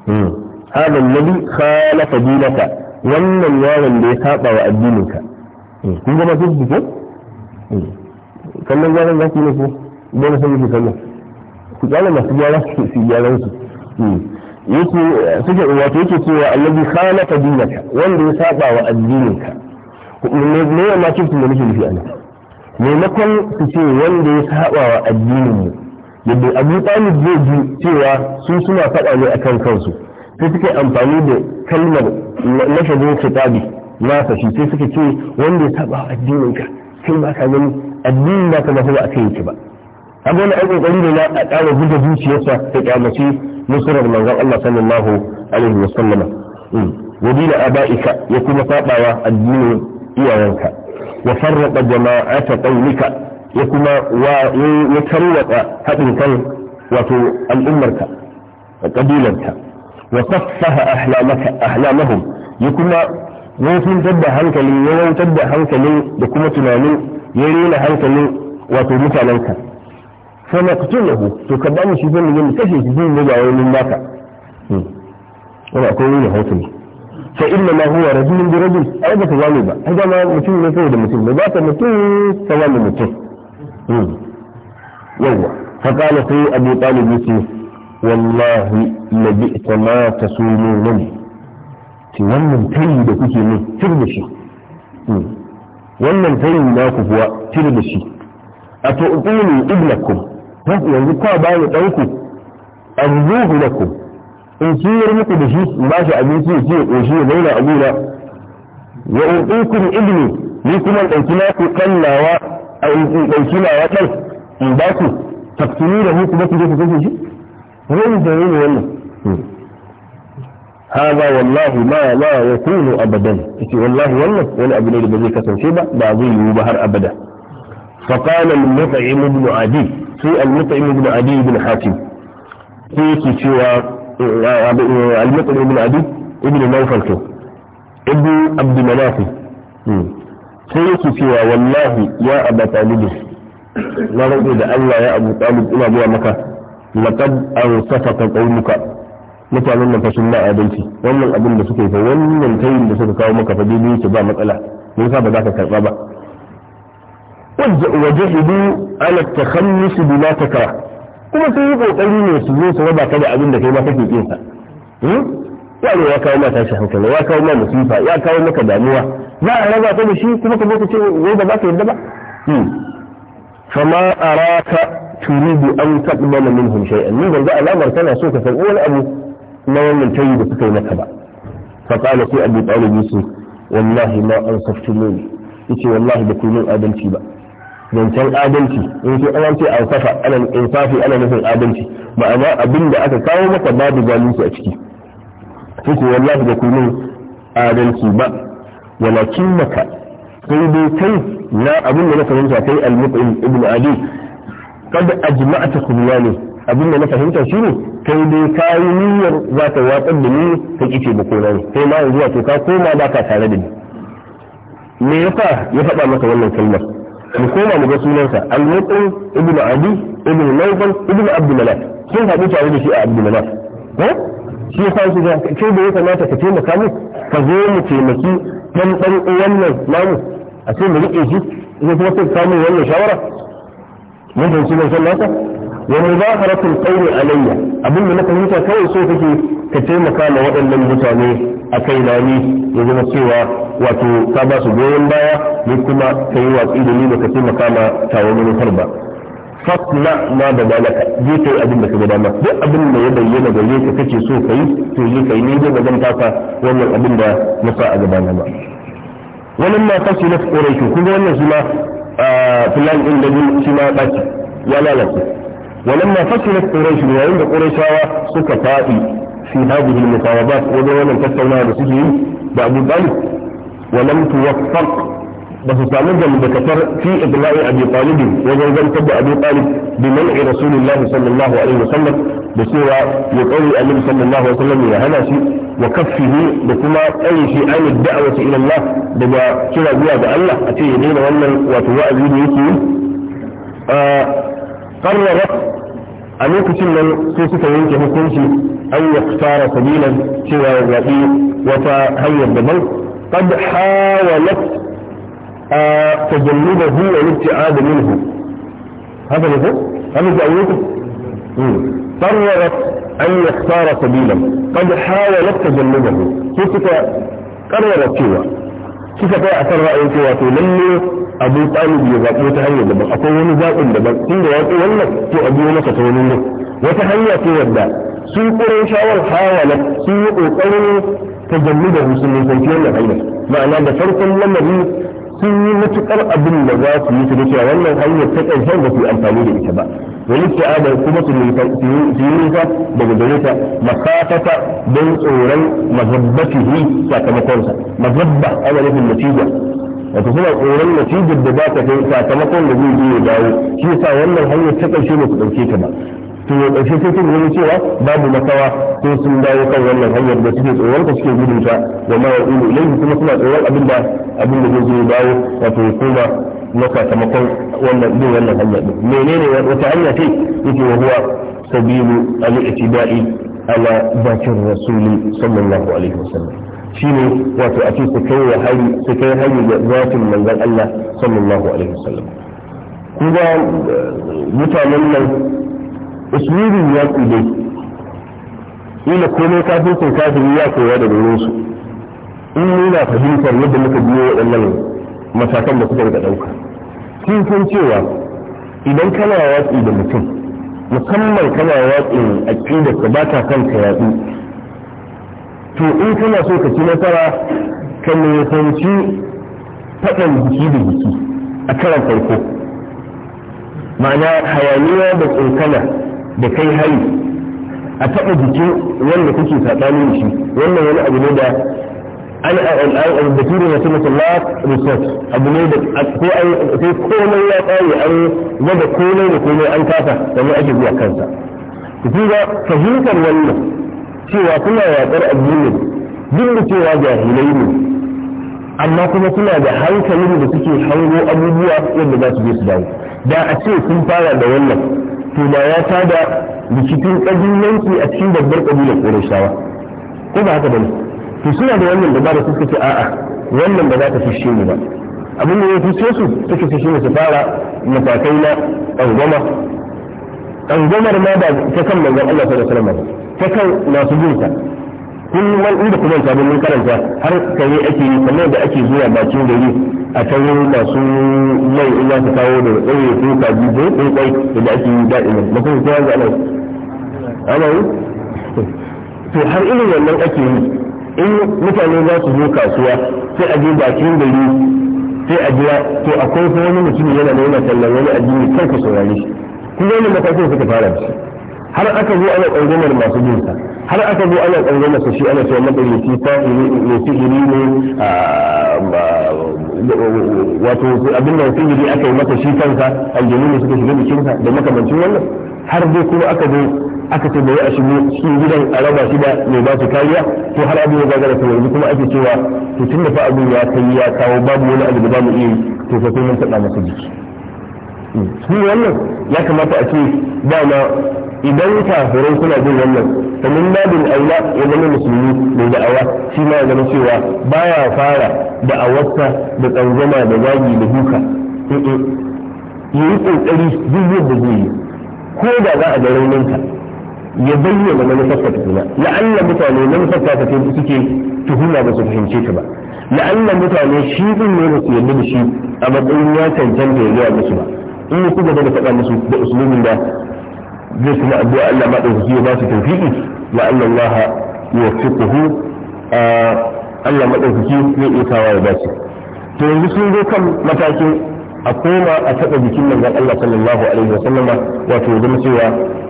hmm. hada nabi khalafa dinaka wannan yaron da ya saba wa addininka hmm. kun ga masu ko kallon gyaran za ki yi ko dole sai yake kallon ku kyala masu gyara su gyaran su hmm. yake suke wato yake cewa allazi khalaqa dinaka wanda ya saba wa addininka ne ya ma su da nake nufi anan maimakon su ce wanda ya saba wa addinin mu yadda abu talib zai ji cewa su suna faɗa ne akan kansu sai suke amfani da kalmar lafazin kitabi na fashi sai suke ce wanda ya saba wa addininka sai ba ka gani addinin da ka ba ba a kai yake ba kaga wani aikin kokari ne na a ƙara buga zuciyarsa ta kyamace nusurar manzon Allah sallallahu alaihi wa sallama mm. wa dina abaika ya kuma sabawa addinin iyayenka wa farraqa jama'ata qaumika ya kuma wa ya tarwata hadin kan wato al'ummarka da kabilarka wa saffaha ahlamaka ahlamahum ya kuma wofin da hankali ya wautar da hankali da kuma tunani ya rena hankali wato mutanenka fa naqtuluhu to ka bani shi zan yi kashe shi zan yi gawo min naka wani akwai wani hoto ne fa inna ma huwa rajulun bi rajul ai ba ka gane ba ai da ma mutum ne sai da mutum ne ba ka mutum ka gane mutum yawwa fa qala sai abu talib yace wallahi labi'ta ma tasumuna ce wannan tayi da kuke min cire da shi hmm. wannan tayi na ku kuwa cire da shi a to ubuni ibnakum yanzu kwa ba ni dan ku arzuhu lakum in ciyar muku da shi in ba shi abinci ya ci ya koshi ya zauna a gona wa ubuni ibni ni kuma dauki na ku kallawa a in dauki nawa dan in ba ku taktuni da mu kuma ku je ku kashe shi wani da ne wannan hmm. hada wallahu ma la yakunu abadan yace wallahi wannan wani abu ne da ba zai kasance ba ba zai yiwu ba har abada fa qala al-mut'im ibn adi sai al-mut'im ibn adi ibn hatim sai yake cewa al-mut'im ibn adi ibn nawfal to ibn abd manaf sai yake cewa wallahi ya abu talib na rage da Allah ya abu ina zuwa maka laqad ansafaka qaumuka mutanen nan fa sun ma adalci wannan abin da suka yi fa wannan tayin da suka kawo maka fa daidai yake ba matsala me sa ba za ka karba ba wajahidu ala takhammus bima takra kuma sai yi kokari ne su zo su raba ka da abin da kai ma kake kin sa hmm? yaro ya kawo ma tashi hankali ya kawo ma musifa ya kawo maka damuwa za a raba ka da shi kuma ka zo ka ce wai ba za ka yarda ba hmm. fama araka turidu an taqbala minhum shay'an ni ban ga alamar kana so ka san wani abu na wannan tayi da suka yi maka ba fa qala sai abu talib yusuf wallahi ma ansaftumuni yace wallahi ba ku min adalci ba zancen adalci in ce an ce alfafa ana insafi ana nufin adalci ma'ana abin da aka kawo maka babu zalunci a ciki yace wallahi ba ku min adalci ba walakin maka sai dai kai na abin da na fahimta kai al-mut'im ibn ali kad ajma'ta kullani abin da na fahimta shi ne kai dai ka yi niyyar za ka watsar da ni ka kice ba ko ne kai ma yanzu wato ka koma ba ka tare da ni me yasa ya faɗa maka wannan kalmar mu koma mu ga sunansa al-mutin ibnu adi ibnu nawfal ibnu abdullah sun haɗu tare da shi a abdullah ko shi yasa su ga kai da ya kamata ka taimaka mu ka zo mu taimaki dan dan wannan namu a ce mu rike shi sai kuma sai ka mu wannan shawara mun fahimci sunan sallah wa mudafaratul qawli alayya abin da na fahimta kawai so kake ka taimaka ma waɗannan mutane a kai na ni ya zama cewa wato ka ba su goyon baya ni kuma ka yi watsi da ni ka taimaka ma tawo manufar ba fasna ma da malaka je kai abin da ka ga dama duk abin da ya bayyana gare ka kake so kai to je kai ne ga zan taka wannan abin da na sa a gaba na ba wannan ma kashi na tsorai kun ga wannan shi ma filan ah, din da shi ma ya lalace ولما فشلت قريش yayin da qurayshawa suka fadi fi hadhihi al-musawabat wajen wannan tattaunawa da suke yi da Abu Talib ولم توفق بس تعمل ده كثر في إبلاء أبي طالب وزن تبع أبي طالب بمنع رسول الله صلى الله عليه وسلم بصورة يقوي النبي صلى الله عليه وسلم إلى هنا شيء وكفه بكما أي شيء عن الدعوة إلى الله بما كرا بها الله أتي يدين وأن وتوأذي بيكي آه قرر أنك تلن سوسك منك هكوشي أن يختار سبيلا سوى الرئي وتهيا الضمان قد حاولت آه، تجنبه والابتعاد منه هذا هو هذا هو قررت أن يختار سبيلا قد حاولت تجنبه سوسك قررت سوى suka kai a kan ra'ayin cewa to lalle abu talib ya zaɓi ta hanyar daban akwai wani zaɓin daban inda ya ƙi wannan to a biyo masa ta wani nan wata hanya ce wadda sun ƙurin shawar hawala sun yi ƙoƙarin ta jammi da musulmi sun fi hanyar ma'ana da farkon lamari sun yi matukar abin da za su yi su da cewa wannan hanyar ta ƙarshen ba su yi amfani da ita ba wani ta'ada kuma su yi nisa daga gare ta masafata don tsoron mazabbatihi sakamakonsa mazabba ana nufin natija wato suna tsoron natijar da za ta kai sakamakon da zai je ya dawo shi yasa wannan hanyar ta ƙarshe ba su ɗauke ta ba to ya ƙarshe sai sun gani cewa babu makawa ko sun dawo kan wannan hanyar da suke tsoron ta suke gudun ta da ma ya'ulu ilaihi kuma suna tsoron abin da abin da zai zo dawo wato ya koma na sakamakon wannan bin wannan hanyar din menene wata hanya ce yake wa huwa sabilu al-ittiba'i ala bakin rasuli sallallahu alaihi wasallam shine wato a ce su kai hari su kai hari ga zatin manzon Allah sallallahu alaihi wasallam kuma eh, mutanen nan Ismirin ya dai Ina komai kafin kafin ya koya daga da su in nuna fahimtar yadda muka biyo waɗannan matakan da kuka daga ɗauka sun cewa idan kana watsi da mutum musamman kana watsi a ka ba ta kan ka to in kana so ka ci nasara ka nisanci faɗan jiki da jiki a karan farko ma'ana hayaniya da tsinkana da kai hari a taɓa jikin wanda kuke saɓani da shi wannan wani abu ne da an bature na sama last resort abu ne da ko an sai komai ya tsare an gaba komai da komai an kasa sannan ake zuwa kansa kun ga fahimtar wannan cewa suna yaƙar addini duk da cewa jahilai ne amma kuma suna da hankalin da suke hango abubuwa yadda za su je su dawo da a ce sun fara da wannan to da ya tada rikicin kabilanci a cikin babbar kabilar ƙorashawa. ko ba haka bane to suna da wannan dabara suka ce a'a wannan ba za ta fishe ni ba abin da ya fice su suka ce shine su fara matakai na tsangwama tsangwamar ma ba ta kan manzon Allah sallallahu alaihi wasallam ta kan masu bin sa kun man inda kuma ta mun karanta har kai ake yi kamar da ake zuwa bakin gari a can masu mai in za su kawo da tsaye ko kaji ko ko da ake yi daɗi ne ba kuma kowa ga nan ana yi to har irin wannan ake yi in mutane za su zo kasuwa sai a je bakin gari sai a jira to akwai wani mutum yana da yana tallan wani addini kar ka saurare shi kuma wani matakin suka fara da shi har aka zo ana tsangwamar masu jinsa har aka zo ana tsangwamar su shi ana cewa madarisi ta mai sihiri ne wato abin da sihiri aka yi masa shi kansa aljanu ne suka shiga jikinsa da makamancin wannan har dai kuma aka zo aka ce bai a shigo cikin gidan a raba shi da mai ba su kariya to har abin ya gagara ta yanzu kuma ake cewa to tun da fa abin ya kai ya kawo babu wani abu da ba mu iya yi to fa sai mun taɓa masa jiki shi wannan ya kamata a ce dama idan kafirai suna jin wannan domin babin aula ya zama musulmi mai da'awa shi ma ya zama cewa baya fara da'awarsa da tsangwama da zagi da duka ya yi kokari duk yadda zai yi ko da za a ga rauninka ya bayyana manufarsa tukuna la'alla mutane manufarsa ta suke tuhuma ba su fahimce ta ba la'alla mutane shi din ne ba su yarda da shi a matsayin ya cancanta ya zuwa musu ba in ya gaba da faɗa musu da usulubin da zai kuma addu'a Allah ma ɗaukaki ya ba su tawfiqi la anna Allah yuwaffiquhu Allah madaukaki zai iya sawa ya ba su to yanzu sun zo kan matakin a koma a taɓa jikin manzon Allah sallallahu alaihi wa sallama wato ya zama cewa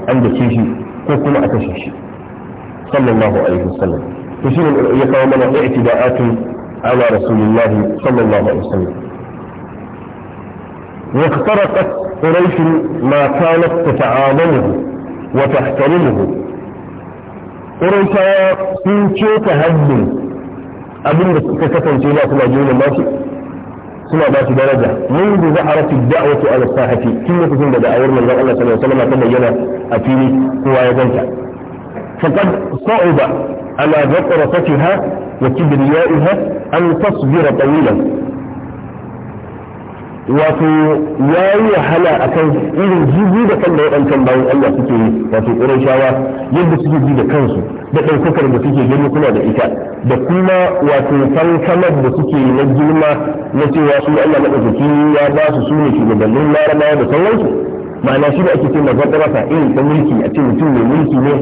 an dace shi ko kuma a kashe shi sallallahu alaihi wa sallam to shi ne ya kawo mana i'tida'atun ala rasulillahi sallallahu alaihi wa sallam واخترقت قريش ما كانت تتعامله وتحترمه قريش في شيء تهدم أبن بسكتة سيلا كما جيونا ماشي سنة ماشي درجة منذ ظهرت الدعوة على الساحة كما تكون بدأ أول من الله صلى الله عليه وسلم كما جنا أتيني هو يدنك فقد صعب على بطرستها وكبريائها أن تصبر طويلا wato ya yi wahala a kan irin jibi da kan da waɗancan bayan Allah suke yi wato ƙuran shawa yadda suke ji da kansu da ɗaukakar da suke gani kuna da ita da kuma wato fankamar da suke yi na girma na cewa su Allah maɗaukaki ya ba su su ne shugabannin larabawa da sauransu ma'ana shi da ake ce mazaɓarasa irin ta mulki a ce mutum mai mulki ne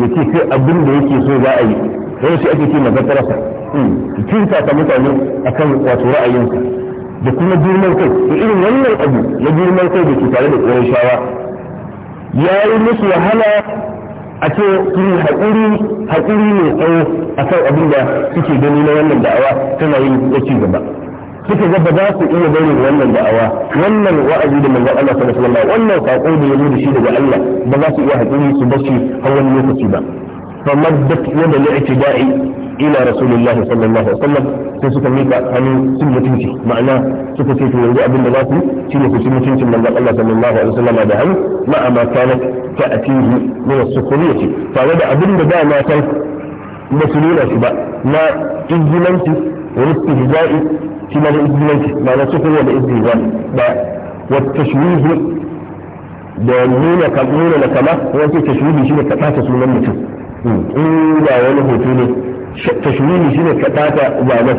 ya ce sai abin da yake so za a yi wani shi ake ce mazaɓarasa hmm. tun ta mutane akan wato ra'ayinsa da kuma girman kai da irin wannan abu na girman kai da ke tare da tsoron shawa ya yi musu wahala a ce sun haƙuri haƙuri mai tsawo a kan abin da suke gani na wannan da'awa tana yin ya ci gaba suka ga ba za su iya barin wannan da'awa wannan wa'azi da manzon Allah sallallahu alaihi wasallam wannan saƙo da ya zo da shi daga Allah ba za su iya haƙuri su bashi har wani lokaci ba فمدت يد الاعتداء الى رسول الله صلى الله عليه وسلم sai suka mika hannun cin mutunci ma'ana suka ce to yanzu abin da za su shi ne su ci mutuncin manzon Allah sallallahu alaihi wasallam da hannu ma'a amma kana ta atihi min as-sukhriyati tare da abin da dama san ba su nuna shi ba na izgilanci wani istihza'i shi ma da izgilanci ma'ana sukhriya da istihza'i da wa tashwih da nuna kamuna na kama wasu tashwih shi ne ka ɓata sunan mutum in ga wani hoto ne tashmini shine ka tata baban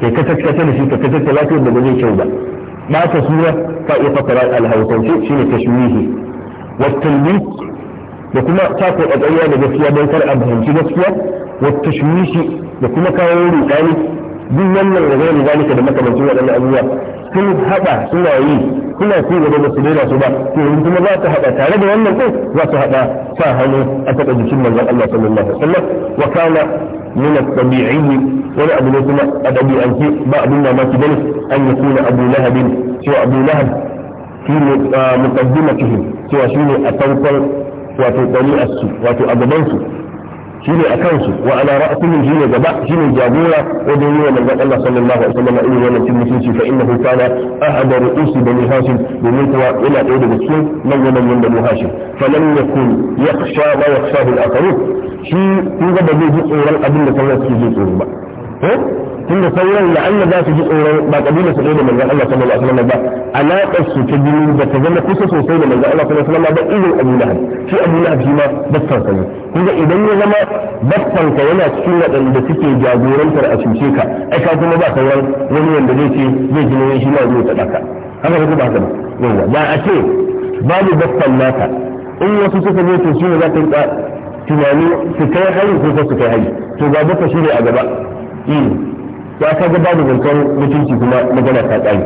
kai ka tattata da shi ka tattata lafiyar da ba zai kyau ba ba ta sura ka iya fasara alhausance shine tashmihi wa talbis da kuma ta ko da gaskiya don kar a fahimci gaskiya wa da kuma kawo rudani duk wannan da zai zalika da makamancin waɗannan abubuwa sun haɗa suna yi suna ci gaba ba su daina su ba to yanzu kuma za ta haɗa tare da wannan ɗin za su haɗa sa hannu a taɓa jikin manzon Allah sallallahu alaihi wasallam wa kana min at-tabi'i wani abu ne kuma a ɗabi'ance ba abin mamaki bane an yakuna Abu Lahab cewa Abu Lahab shi ne ah, muqaddimatihim cewa shi ne a farkon wato ɗari'arsu wato a gabansu shine a kansu wa ala ra'sihim shine gaba shine jagora wajen yi wa manzon Allah sallallahu alaihi wasallam irin wannan cin mutunci fa innahu kana ahada ru'usi bani hashim domin kuwa yana ɗaya daga cikin manyan manyan bani hashim fa lam yakun yakhsha ma yakhshahu al shi kun ga ba zai ji tsoron abin da sauran suke ji tsoro ba ko tunda sauran la'alla za su ji tsoron ba kabila su da manzon Allah sallallahu alaihi wasallam ba alaƙar su ta biyu da ta zama kusa sosai da manzon Allah sallallahu alaihi wasallam ba irin Abu Lahab shi Abu Lahab shi ma bakkan sa ne kuma idan ya zama bakkan ka yana cikin waɗanda suke jagorantar a cuce ka ai ka kuma ba sauran wani wanda zai ce zai ji nauyin shi ma zai taɗa ka haka ba ba haka ba yawa ba a ce babu bakkan naka in wasu suka zo to shi ne za ka yi tunani su kai hari ko su kai hari to ba baka shi ne a gaba dini ya ka ga babu zancen mutunci kuma magana ta tsayi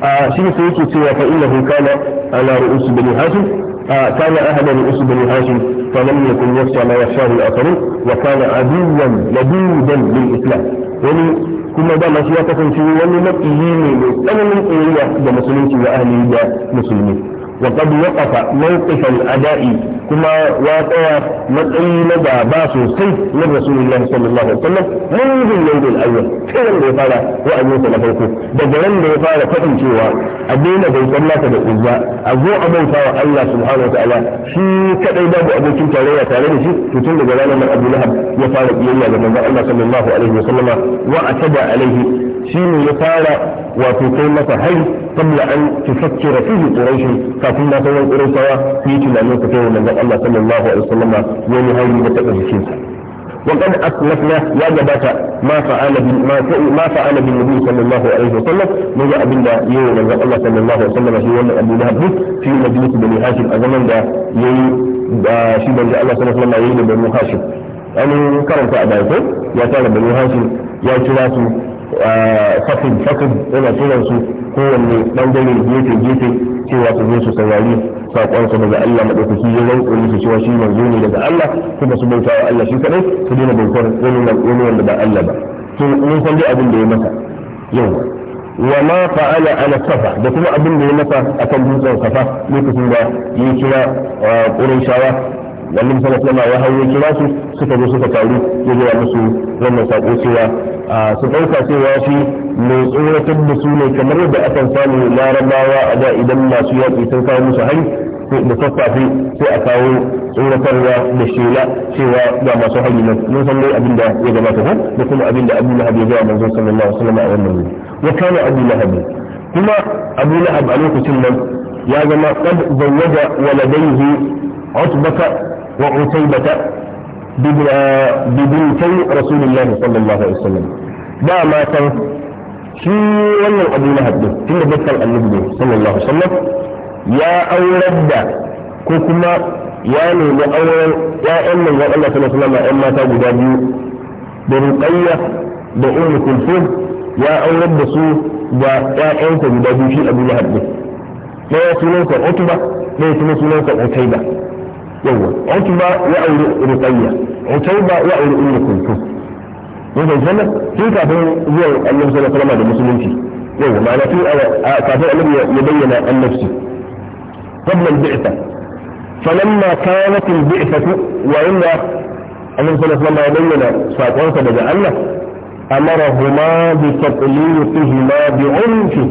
a shi ne yake cewa fa inna hu kana ala ru'usi bani hashim a kana ahadu ru'usi bani hashim fa lam yakun yasha ma yasha al akharu wa kana adiyan ladidan lil islam wani kuma da ma shi ya kasance wani mabiyi ne mai tsananin tsoriya da musulunci da ahli da musulmi wa qad waqafa mawqif al-ada'i kuma ya tsaya matsayi na gaba sosai na rasulullahi sallallahu alaihi wasallam منذ اليوم الاول كان da ya fara wa'azinsa na farko daga ran da ya fara faɗin cewa a daina bai sallata da uzza a zo a bauta wa Allah subhanahu wa shi kadai babu abokin tarayya tare da shi to daga ranar Abu Lahab ya fara biyayya ga manzon Allah sallallahu alaihi wasallama alaihi shine ya fara wato kai masa hari kabla an tufakkira fihi quraish kafin ma sauran quraishawa su yi tunanin su kai wa Allah sallallahu alaihi wasallam wani hari da وقد أسلفنا يا جبات ما فعل ما ما فعل بالنبي صلى الله عليه وسلم نجا بنا يوم الله صلى الله عليه وسلم في يوم أبي لهب في مجلس بني هاشم أزمن دا يي دا شي الله صلى الله عليه وسلم يي بني هاشم أنا كرمت أبايته يا ترى بني هاشم يا ترى sakin sakin yana kiran su kowanne bangare gefe gefe cewa su zo su saurari sakonsa daga Allah madaukaki ya rantsa musu cewa shi manzo ne daga Allah kuma su bauta wa Allah shi kadai su daina bautar wani wanda ba Allah ba to mun san dai abin da ya masa yau وما فعل على Da kuma كما أبن لي متى أكل dutsen safa lokacin da ya kira قريشاوة ah, wannan sallallahu alaihi ya hawo kira su suka zo suka taru ya ga musu wannan sako cewa su ɗauka cewa shi mai tsoratar da su ne kamar yadda akan samu larabawa a da idan masu yaƙi sun kawo musu hari da sassafe sai a kawo tsoratarwa da shela cewa ga masu hari nan mun san dai abin da ya gabata ko da kuma abin da abu lahab ya gaya manzo sallallahu alaihi wasallam a wannan wuri ya kana abu lahab kuma abu lahab a lokacin nan ya zama qad zawwaja waladayhi utbata وعتيبة ببنتي رسول الله صلى الله عليه وسلم دا ما كان shi wannan abu na haɗu tun da dukkan annabi sallallahu alaihi wasallam ya aurar da ko kuma ya nemi auren ya'yan nan zan Allah sallallahu alaihi wasallam mata guda biyu da ruqayya da ummu kulthum ya aurar da su ga ƴaƴansa guda biyu shi abu na haɗu ɗaya sunansa utba ɗaya kuma sunansa yawa utba ya auri ruqayya utayba ya auri ummu kulthum mun san sannan tun kafin zuwan annabi sallallahu alaihi wasallam da musulunci yawa ma'ana tun kafin annabi ya bayyana annabci قبل البعثة فلما كانت البعثة وإلا النبي صلى الله عليه وسلم بين ساقوانسا بجعلنا أمرهما بتطليقهما بعنفه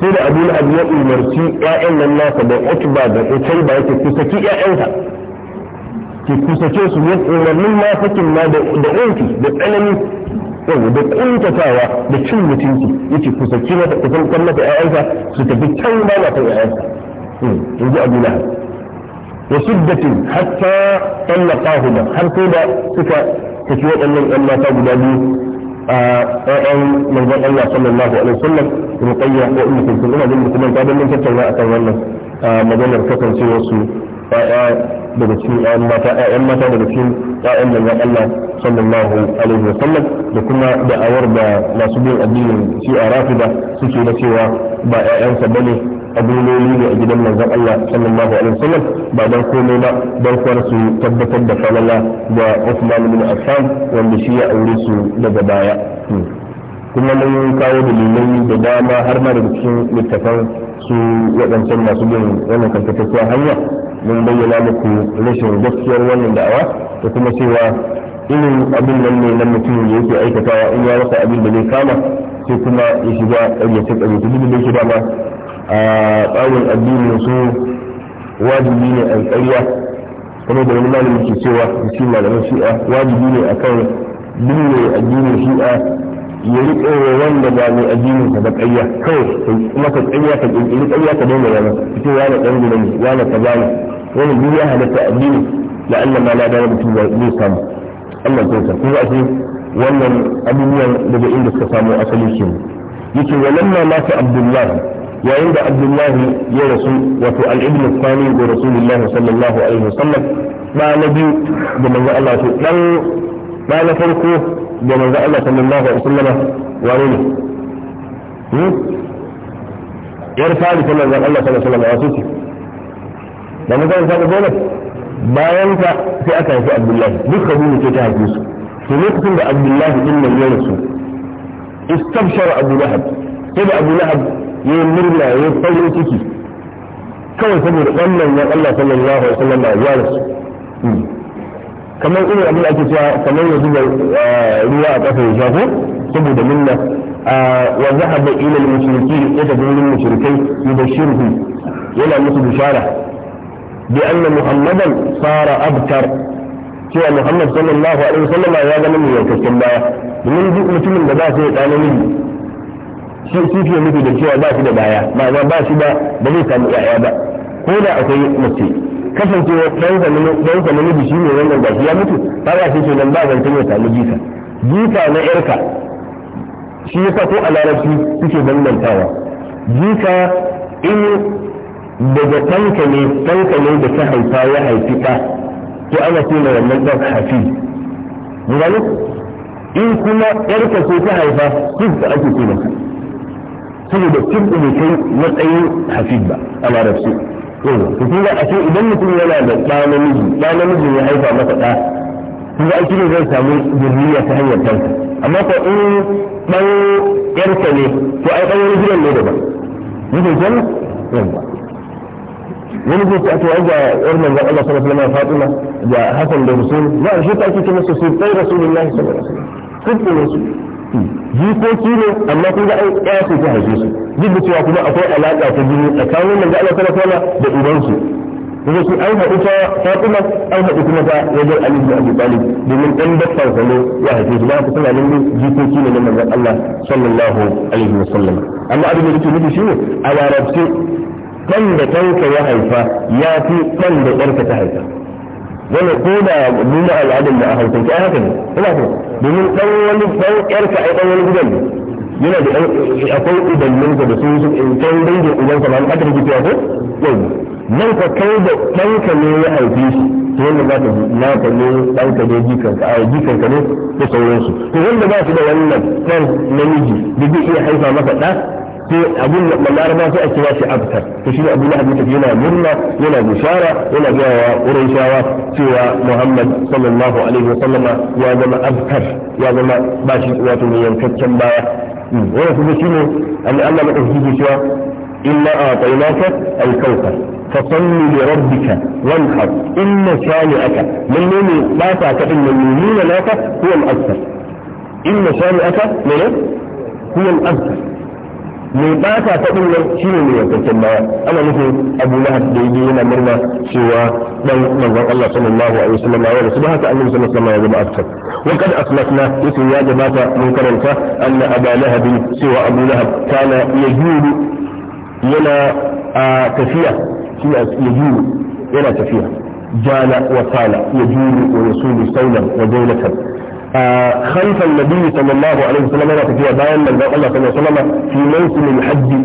sai da abu abu ya umarci ƴaƴan nan nasa da utba da utaiba yake ku saki ƴaƴanka ki ku sake su ya umarnin ma ma da unki da tsanani da kuntatawa da cin mutunci yace ku saki mata ku san kan mata ƴaƴanka su tafi can ba na kan ƴaƴanka hmm, in ji abu lahab wa siddatin hatta tallaqahu har sai da suka saki waɗannan ƴan mata guda biyu ƴaƴan manzon Allah sallallahu alaihi wasallam ibn qayyim ko ibn kulthum ina jin kuma ta dan tattauna akan wannan maganar kasancewar su ƴaƴa daga cikin ƴaƴan mata ƴaƴan mata daga cikin ƴaƴan manzon Allah sallallahu alaihi wasallam da kuma da'awar da masu bin addinin shi'a rafida suke na cewa ba ƴaƴansa bane kabiloli ne a gidan manzon Allah sallallahu alaihi wasallam ba dan komai ba dan kwar su tabbatar da falala da Uthman bin Affan wanda shi ya aure su daga baya kuma mun kawo dalilai da dama har ma daga cikin littafan su waɗancan masu bin wannan karkatacciyar hanya mun bayyana muku rashin gaskiyar wannan da'awa da kuma cewa irin abin nan ne na mutum da yake aikatawa in ya rasa abin da zai kama sai kuma ya shiga ƙaryace ƙaryace duk da yake dama a tsarin addinin su wajibi ne a ƙarya kuma da wani malami ke cewa cikin malaman shi'a wajibi ne a kan binne addinin shi'a ya riƙe wa wanda ba mai addinin sa ba ƙarya kawai kuma ka ƙarya ka ƙirƙiri ƙarya ka daina yana cikin yana ɗan gidan yana ka bani wani duk ya halatta addini la'alla ma na da mutum zai samu Allah ya kyauta kuma ashe wannan abubuwan daga inda suka samu asali ke yake walamma ta abdullahi وعند عبد الله يرسل وفي الابن الثاني برسول الله صلى الله عليه وسلم ما نبي بمن ذا الله سوء ما نفرقه بمن ذا الله صلى الله عليه وسلم وعليه يرفعني من ذا الله صلى الله عليه وسلم لما كان هذا بولك ما ينفع في أكل في عبد الله بك هو نتيجه يوسف في نقسم عبد الله إن يرسل استبشر أبو لهب سيد أبو لهب ya yi murna ya yi farin ciki kawai saboda wannan ya Allah sallallahu alaihi wasallam da ya rasu hmm. kamar irin abin da ake cewa kamar ya zuba eh, ruwa a ƙasa ya shafo saboda minna ah, wa zahaba ila al-mushriki ya tafi wurin mushrikai yubashirhu yana musu bishara bi anna muhammadan sara abtar cewa muhammad sallallahu alaihi wasallam ya zama mai yankakken baya domin duk mutumin da ba sai ya shi su ya mutu da cewa ba shi da baya ba ba ba shi ba ba zai samu yaya ba ko da akwai mace kasancewa ɗan sa namiji shi ne wannan gashi ya mutu ba za shi nan ba zan ya samu jika jika na yarka shi ya ko a larabci suke bambantawa jika in daga tanka ne tanka ne da ta haifa ya haifi ɗa to ana ce na wannan ɗan hafi in kuma yarka ce ta haifa su ake ce saboda kin ne kai matsayin hafid ba a larabci to kun ga ashe idan mutum yana da ɗa namiji ɗa namiji ya haifa masa ɗa kun ga ake ne zai samu zurriya ta hanyar kansa amma ko in ɗan ƴarsa ne to ai ɗan wani gidan ne daban mutum kenan yamma wani zai ce a to ga yar manzon Allah sallallahu alaihi wasallam Fatima da Hassan da Hussein ba shi ta ake ce musu su tsaya Rasulullahi sallallahu alaihi wasallam jikoki ne amma kun ga an ƙyasu ta haife su duk da cewa kuma akwai alaƙa ta jini tsakanin manzo Allah sallallahu da ubansu kuma su an haɗu ta Fatima an haɗu kuma ta wajen Ali bin Abi Talib domin ɗan dakkar sa ya haife su ba ku tana nan jikoki ne na manzo Allah sallallahu alaihi wa sallam amma abin da yake nufi shine a larabci kan da kanka ya haifa ya fi kan da yarka ta haifa wanda ko da nuna al'adar da a hausar ki haka ne ina so domin dan wani dan yarka ai dan wani gidan ne yana da akwai ubannin da su su kan eh, dangin idan sa ba an kadar ki ko yau nan ka kai da danka ne ya haife shi to wanda za ka na ka ne danka ne jikan ka ai jikan ka ne da sauransu to wanda ba shi da wannan dan namiji da zai iya haifa maka da sai abin da laraba sai a kira shi abtar to shi abu lahab yake yana murna yana bishara yana ga wa qurayshawa cewa muhammad sallallahu alaihi wasallam ya zama abtar ya zama bashi wato mai yankaccen baya wannan kuma shine Allah madaukaki ke cewa inna a'tainaka al-kawthar fasalli li rabbika wanhar inna shani'aka lalle ne ba ta kadin nan nuna naka huwa al-abtar inna shani'aka ne huwa al-abtar mai ba ta faɗin nan shi ne mai yankakken baya ana nufin abu lahab da yake yana murna cewa dan manzon Allah sallallahu alaihi wasallam ya rasu ba haka annabi sallallahu alaihi wasallam ya zama aftar wa kad aslafna yace ya gabata mun karanta anna aba lahab cewa abu lahab kana yajudu yana a tafiya shi ne yajudu yana tafiya jala wa sala yajudu wa yasulu saulan wa dawlatan خلف النبي صلى الله عليه وسلم أنا تفيها باين من hajji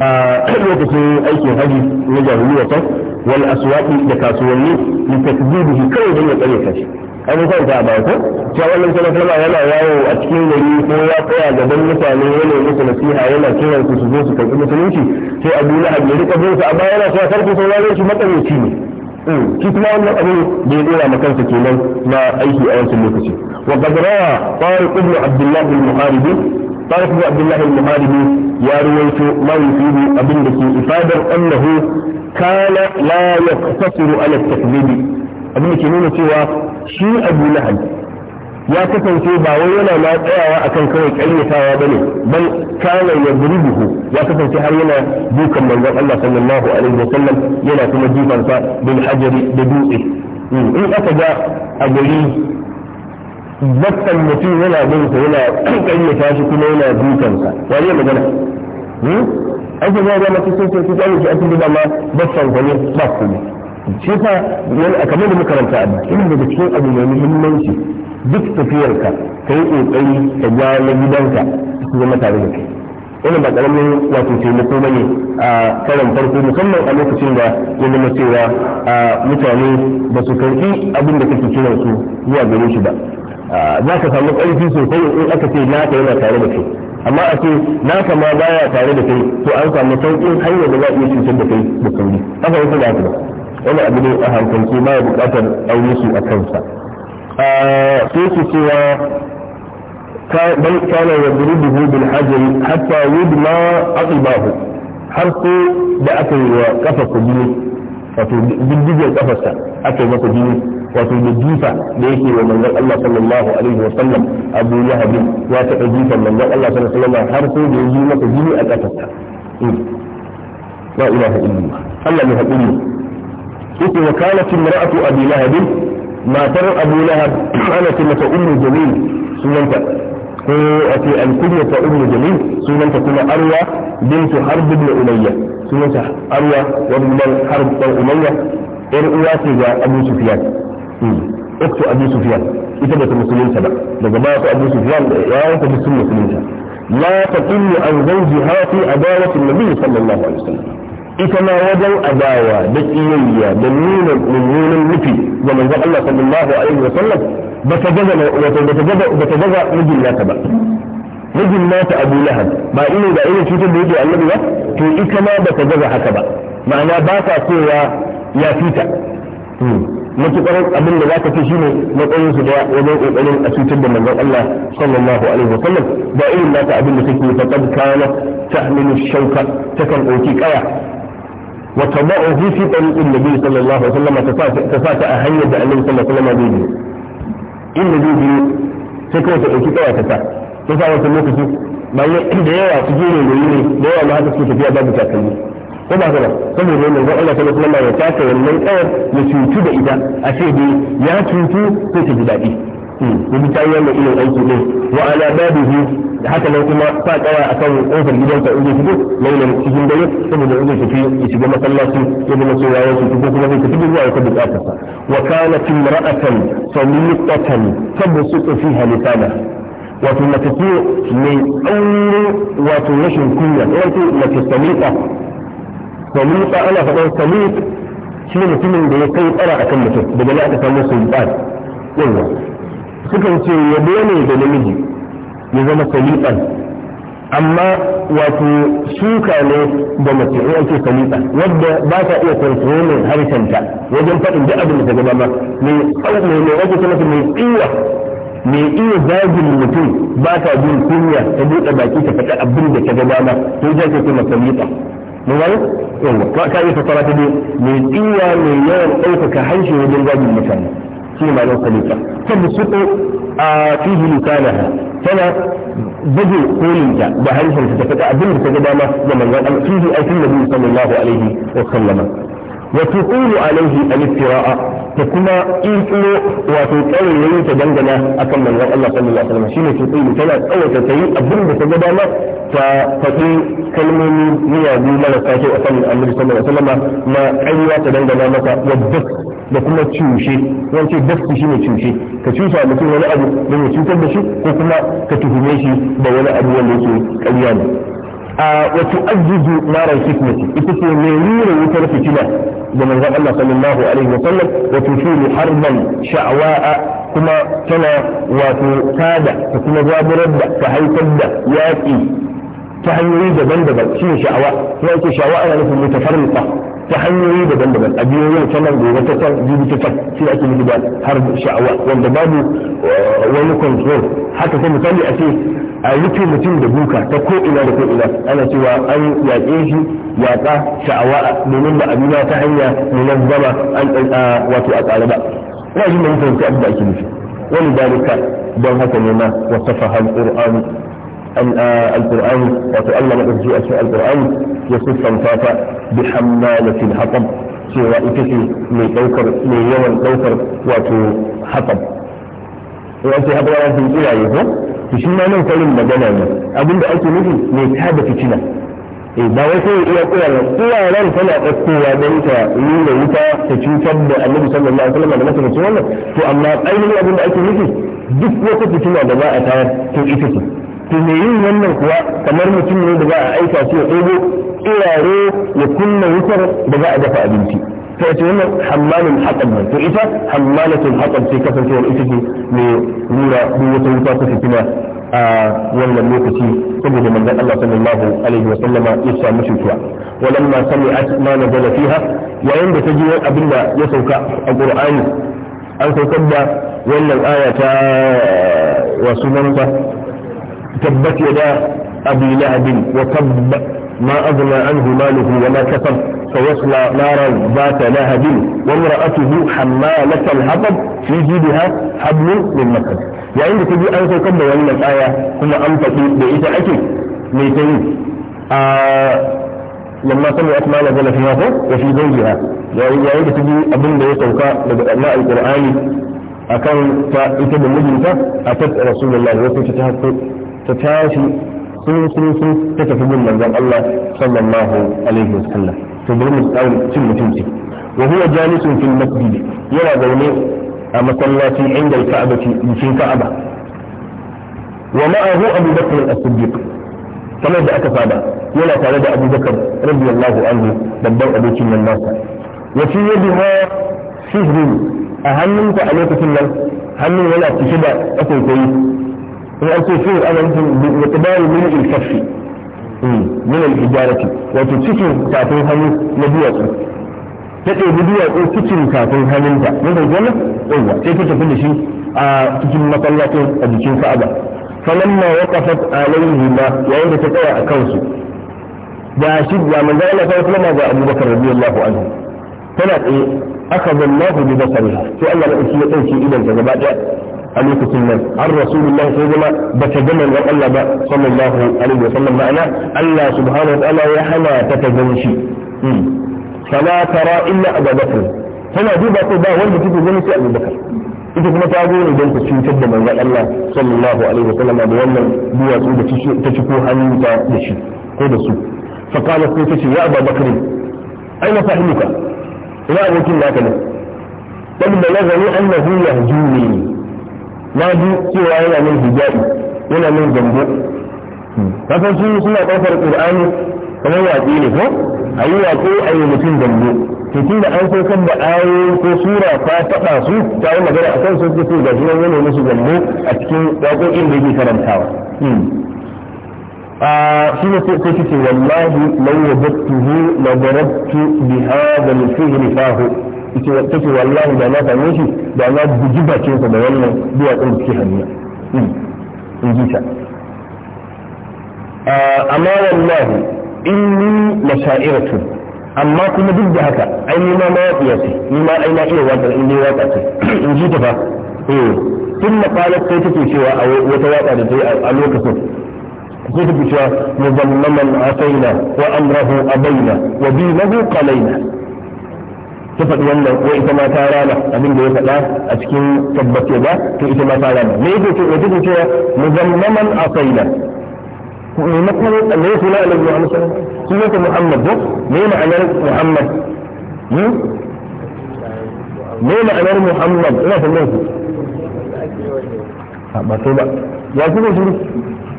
a صلى aikin عليه na في موسم الحج لوكسين أيكي هجي نجاهلية والأسواق لكاسوني لتكذيبه كل دنيا قرية an kwanta a bako cewa wannan kuma kuma yana yawo a cikin gari ko ya tsaya gaban mutane yana musu nasiha yana kiran su su zo su karbi musulunci sai abu lahab ya rika bin su a baya yana so ya karfi sauraron shi matsalaci ne shi kuma wannan abin da ya dora ma kansa kenan na aiki a wancan lokaci wa qad rawa ibn abdullahi al-muharibi tariq ibn abdullahi al-muharibi ya ruwaito ma yufidu abin da ke ifadar annahu kana la yaqtasiru ala at-takdhib abin da ke nuna cewa shi abu ya kasance ba wai yana na tsayawa akan kawai karyatawa ba ne bal kana ya burubuhu ya kasance har yana dukan manzon Allah sallallahu alaihi wasallam yana kuma jifansa bil hajari da dutse hmm, in aka ga a gari zakkan mutum yana bin sa yana kayyata shi kuma yana dukansa wani magana an ce zai zama ce, sai kuka ne an tuba ma bassan gane ba ku ne shi fa yana kamar da makaranta ranta a cikin daga cikin abu mai muhimmanci duk tafiyarka ka yi ƙoƙari ka na gidanka su zama tare da kai wani ba karamin wato taimako bane a karan farko musamman a lokacin da ya zama cewa mutane ba su karɓi abin da kake kiran su zuwa gare shi ba za ka samu ƙarfi sosai in aka ce naka yana tare da kai amma a ce naka ma baya tare da kai to an samu sauƙin hanyar da za a iya cutar da kai da sauri haka wasu ba haka ba wani abu ne a hankali ba ya buƙatar aure su a kansa سيسي آه، سوى بل كان يضربه بالحجر حتى يبنى عقباه حرق بأكل وقفص به وفي بالدجة القفص أكل مصر جيني وفي بالجيفة ليه ومن ذلك الله صلى الله عليه وسلم أبو لهب واتق جيفة من ذلك الله صلى الله عليه وسلم حرق بالجيفة مصر جيني القفص لا إله إلا الله الله يهب إلي وكانت امرأة أبي لهب matar abu lahab ana ce mata ummu jamil sunanta ko a ce alkunya ta ummu jamil sunanta kuma arwa bintu harb ibn umayya sunanta arwa wannan harb ibn umayya yar uwa ce ga abu sufyan hmm. uktu abu sufyan ita bata musulunta ba daga baya ta abu sufyan ya yanka musulunta la taqillu an zawjiha hafi adawati an-nabi sallallahu alaihi wasallam ita ma wajen adawa da kiyayya da nuna mummunan nufi ga manzon Allah sallallahu alaihi wa sallam bata gaza wato bata gaza bata gaza mijin nata ba mijin nata Abu Lahab ba ina da irin cutar da yake Annabi ba to ita ma bata gaza haka ba ma'ana ba ta cewa ya fita hmm. matuƙar abin da za ka ce shine matsayin su da wajen ƙoƙarin a cutar da manzon Allah sallallahu alaihi wa sallam ba irin nata abin da take faqad kana tahmilu shauka takan ɗauki kaya. وتضعه في طريق النبي صلى الله عليه وسلم تفاتع هيا da annabi sallallahu alaihi wasallam zai inda zai biyo sai kawai ta dauki kawai ta sa ta sa wata lokaci bayan da yawa su jere da yiri da yawa ma haka suke tafiya babu takalmi ko ba ba saboda wannan ga Allah sallallahu alaihi wasallam ya taka wannan kawai ya cutu da ita a ce dai ya cutu sai ta ji daɗi su ta yi wannan irin aiki ne wa ala babihi da haka nan kuma sa kawai akan kofar gidansa in zai shigo lailan cikin dare saboda in zai tafi ya shiga masallaci ya zama cewa ya shigo ko kuma zai tafi zuwa ya tabbata ta wa kanat imra'atan samiqatan tabsutu fiha lisana wato mace ce mai aure wato rashin kunya wato mace samiqa samiqa ana faɗar samiq shi ne mutumin da ya kai tsara akan mutum daga ne aka samu sultan yawa sukan ce yabo ne da namiji ya zama salitan amma wato shuka ne da mace ya ake wadda ba ta iya kontrolin harshenta wajen faɗin da abin da gaba ma mai mai wajen ta mai tsiwa mai iya zagin mutum ba ta jin kunya ta buɗe baki ta faɗi abin da ta gaba ma to ya ta ce kuma mun gani yawa ka yi fasara ta dai mai tsiwa mai yawan ɗaukaka harshe wajen zagin mutane shi ma nan salika kan musuko a fihi lisanaha tana baje kolinta da harshen ta faɗa abin da ta ga dama ga manzon Allah fihi aikin nabi sallallahu alaihi wa sallama wa tuqulu alaihi al-iftira'a ta kuma kirkiro wato tsawaye ta dangana akan manzon Allah sallallahu wa sallama shine tuqulu tana tsawaita tayi abin da ta ga dama ta faɗi kalmomi miyagu marasa kyau akan annabi sallallahu sallama na ta dangana masa wadda da kuma cushe wance dafsu shi ne cushe ka cusa a mutum wani abu da ya cutar da shi ko kuma ka tuhume shi da wani abu wanda yake ƙarya ne a wato ajizu marar fitnati ita ce mai rura wutar fitina da manzon Allah sallallahu alaihi wa sallam wa tufilu harban sha'wa'a kuma tana wato tada ta kuma zaburar da ta haifar da yaƙi ta hanyoyi daban-daban shi ne sha'awa ya ake sha'awa ana nufin mutafarriqa ta hanyoyi daban-daban a biyo yau ta nan gobe ta can jibi ta can shi ake nufi da har sha'awa wanda babu eh, wani control haka ko misali a ce a rufe mutum da buka ta ko ina da ko ina ana cewa an yaƙe shi yaƙa sha'awa domin ba a ta hanya munazzama an wato a tsare ba ina jin da mutum ta abin da ake nufi wani dalika don haka ne ma wasafa al-qur'ani القرآن وتألم أرجوء القرآن يصف انفاتا بحمالة الحطب cewa ita ce mai yawan ɗaukar wato hatsab in an ce haɓarawa sun ko to ma nan farin magana ne abinda ake nufi mai tada fitina eh ba wai sai iya tsirayen tsirayen tana ɗaukowa don ta nuna wuta ta cutar da annabi sallallahu alaihi wasallam da mace wannan to amma ainihin abinda ake nufi duk wata fitina da za a tayar to me yin wannan kuwa kamar mutum ne da za a aika shi ya ɗebo irare ya kunna wutar da za a dafa abinci ta ce wannan hammalin haƙar nan to ita hammalatin haƙar ce kasancewar ita ce mai nura duk wata wuta ta fitina a wannan lokaci saboda manzon Allah sallallahu alaihi wa sallama ya samu cutuwa walamma sami'at ma nazala fiha yayin da ta ji abin da ya sauka a Qur'ani an saukar da wannan aya ta wasu mansa تبت يدا أبي لهب وتب ما أغنى عنه ماله وما كسب سيصلى نارا ذات لهب وامرأته حمالة الحطب في جيبها حبل من يا يعني تجي أنت قبل وإن الآية كما أنفقي بإيسا أكي ميتين آه لما سمعت ما نزل في هذا وفي زوجها يعني تجي أبن بيسوكا لأبناء القرآن أكان فإتد مجلسة أتت رسول الله وسوكتها ta tashi sun sun sun ta tafi bin manzon Allah sallallahu alaihi wasallam to bari mu tsawon cin mutunci wa huwa jalisun fil masjid yana zaune a masallaci inda ka'aba cikin ka'aba wa ma'ahu Abu Bakr as-Siddiq kamar da aka saba yana tare da Abu Bakr radiyallahu anhu babban abokin nan nasa wa fi yadiha sihrun a hannunsa a lokacin nan hannun yana cike da akwai in an ce fi'il ana nufin miqdaru min al-kaffi min al-hijarati wato cikin tafin hannu na duwatsu ta ɗebi duwatsu cikin tafin hannunta mun bai gona yawa sai ta tafi da shi a cikin masallacin a jikin ka'aba falamma waqafat alayhi ma yayin da ta tsaya a kansu da shi da manzo Allah sai kuma ga Abu Bakar radiyallahu anhu tana tsaye aka zallahu bi basariha sai Allah ya dauki idan ta gaba ɗaya a lokacin nan an rasulullahi sai zama ba ta gama ga Allah ba sallallahu alaihi wa sallam ma'ana Allah subhanahu wa ta'ala ya hana ta ta gani shi hmm. fala tara illa abubakar tana duba ko ba wanda kike gani sai abubakar ita kuma ta zo ne don ta cutar da manzon Allah sallallahu alaihi wa sallam da wannan su da ta ciko hannunta da shi ko da su fa qala sai ta ce ya abubakar aina sahibuka ina abokin naka ne قد بلغني انه يهجوني na ji cewa yana min hijabi yana min zambo kasan su suna ɗaukar ƙur'ani kamar waƙi ne ko a yi waƙo a yi mutum zambo to tun da an saukar da ayoyi ko sura ta taɓa su ta yi magana a kan su suke so ga shi wani ne musu zambo a cikin waƙoƙin da yake karantawa hmm. a shi ne sai kike wallahi lau wajadtuhu la darabtu bi hadha al-fi'li fahu ta ce wallahi da na same shi da na bugi bakinsa da wannan duwatsun da suke hannu hmm. in ji ta ah, amma wallahi inni mashairatun amma kuma duk da haka ai ni ma mawaƙiya ce ni ma ai na iya waƙar in dai waƙa ce in ji ta fa eh tun na kwalar sai take cewa a wata waƙa da ta yi a lokacin زهد مذمما عصينا وامره ابينا ودينه قلينا ta faɗi wannan ko ita ma ta rana abin da ya faɗa a cikin tabbace ba to ita ma ta rana me yake cewa yake cewa muzammaman asaila me makon Allah ya suna Allah Muhammad sallallahu alaihi wasallam sunan Muhammad ko me ma'anar Muhammad me ma'anar Muhammad ina tambayar ku a ba to ba ya kuma shi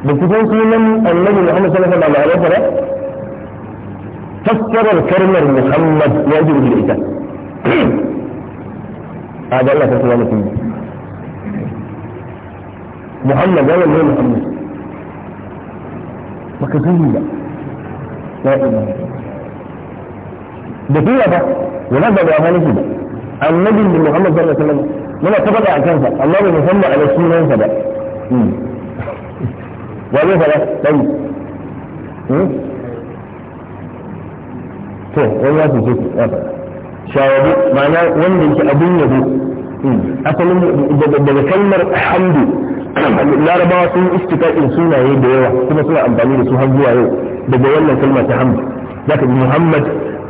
da kusan sunan Annabi Muhammad sallallahu alaihi wasallam ma'anar sa fassarar kalmar Muhammad ya jirgi da ita a ga Allah ta tsaya mutum Muhammad ya ne Muhammad baka sani ba da fiya ba wala ba ba maliki ba annabi Muhammad sallallahu alaihi wasallam muna a kansa amma bai musamman sunansa ba hmm. wa zai hmm? to wani ya shawabu ma'ana wanda yake abin yabo hmm. asalin daga kalmar hamdu larabawa sun istiqaqin sunaye da yawa kuma suna amfani da su har zuwa yau daga wannan kalmar ta hamdu zaka ji muhammad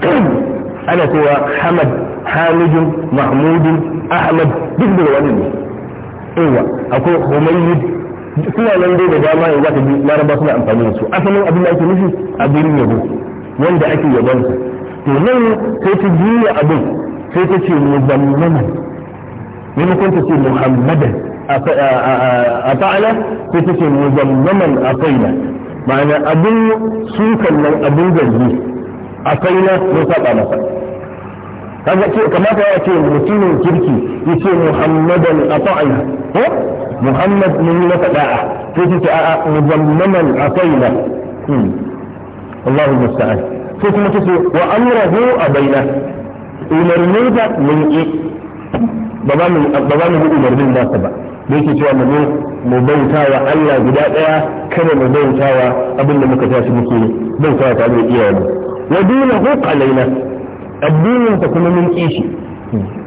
ana cewa hamad hamidun mahmudun ahmad duk daga wani ne yawa akwai humayyid suna nan dai da dama yanzu zaka ji larabawa suna amfani da su asalin abin da ake nufi abin yabo wanda ake yabonsa to nan sai ta juya abin sai ta ce muzammaman maimakon ta ce muhammadan a fa'ala sai ta ce muzammaman a kaina ma'ana abin sukan nan abin zargi a kaina mun saba masa kaga ce kamata ya ce mutumin kirki yace muhammadan a fa'ala ko muhammad mun yi masa da'a sai ta ce a'a muzammaman a kaina Allahu musta'an sai kuma ta ce wa amrahu a baina umarnin mun ki ba ba mu bi umarnin nasa ba da yake cewa mu mu bauta wa Allah guda ɗaya kada mu bauta wa abin da muka tashi muke bauta wa tare da iyayenmu wa dinahu kalaina addinin ta kuma mun ki shi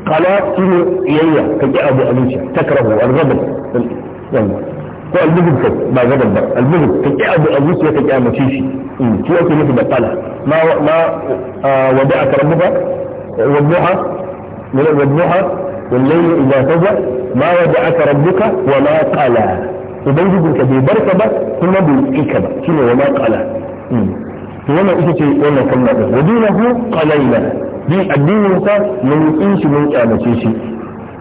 qala shine iyayya kaji abu abinci takrahu al-ghadab ko albugun ka ba gaban ba albugun ka ki abu a zuciya ka kyamace shi ki mm, ake nufi da kala ma ma wada aka rabbuka wadduha min wadduha والليل إذا سجى ما ودعك ربك وما قلى ubangijin ka bai barka ba kuma bai yi ka ba shine wa ma qala mm. to wannan ita ce wannan kalma din wa dinahu qalaina din addinin sa mun yi shi mun kyamace shi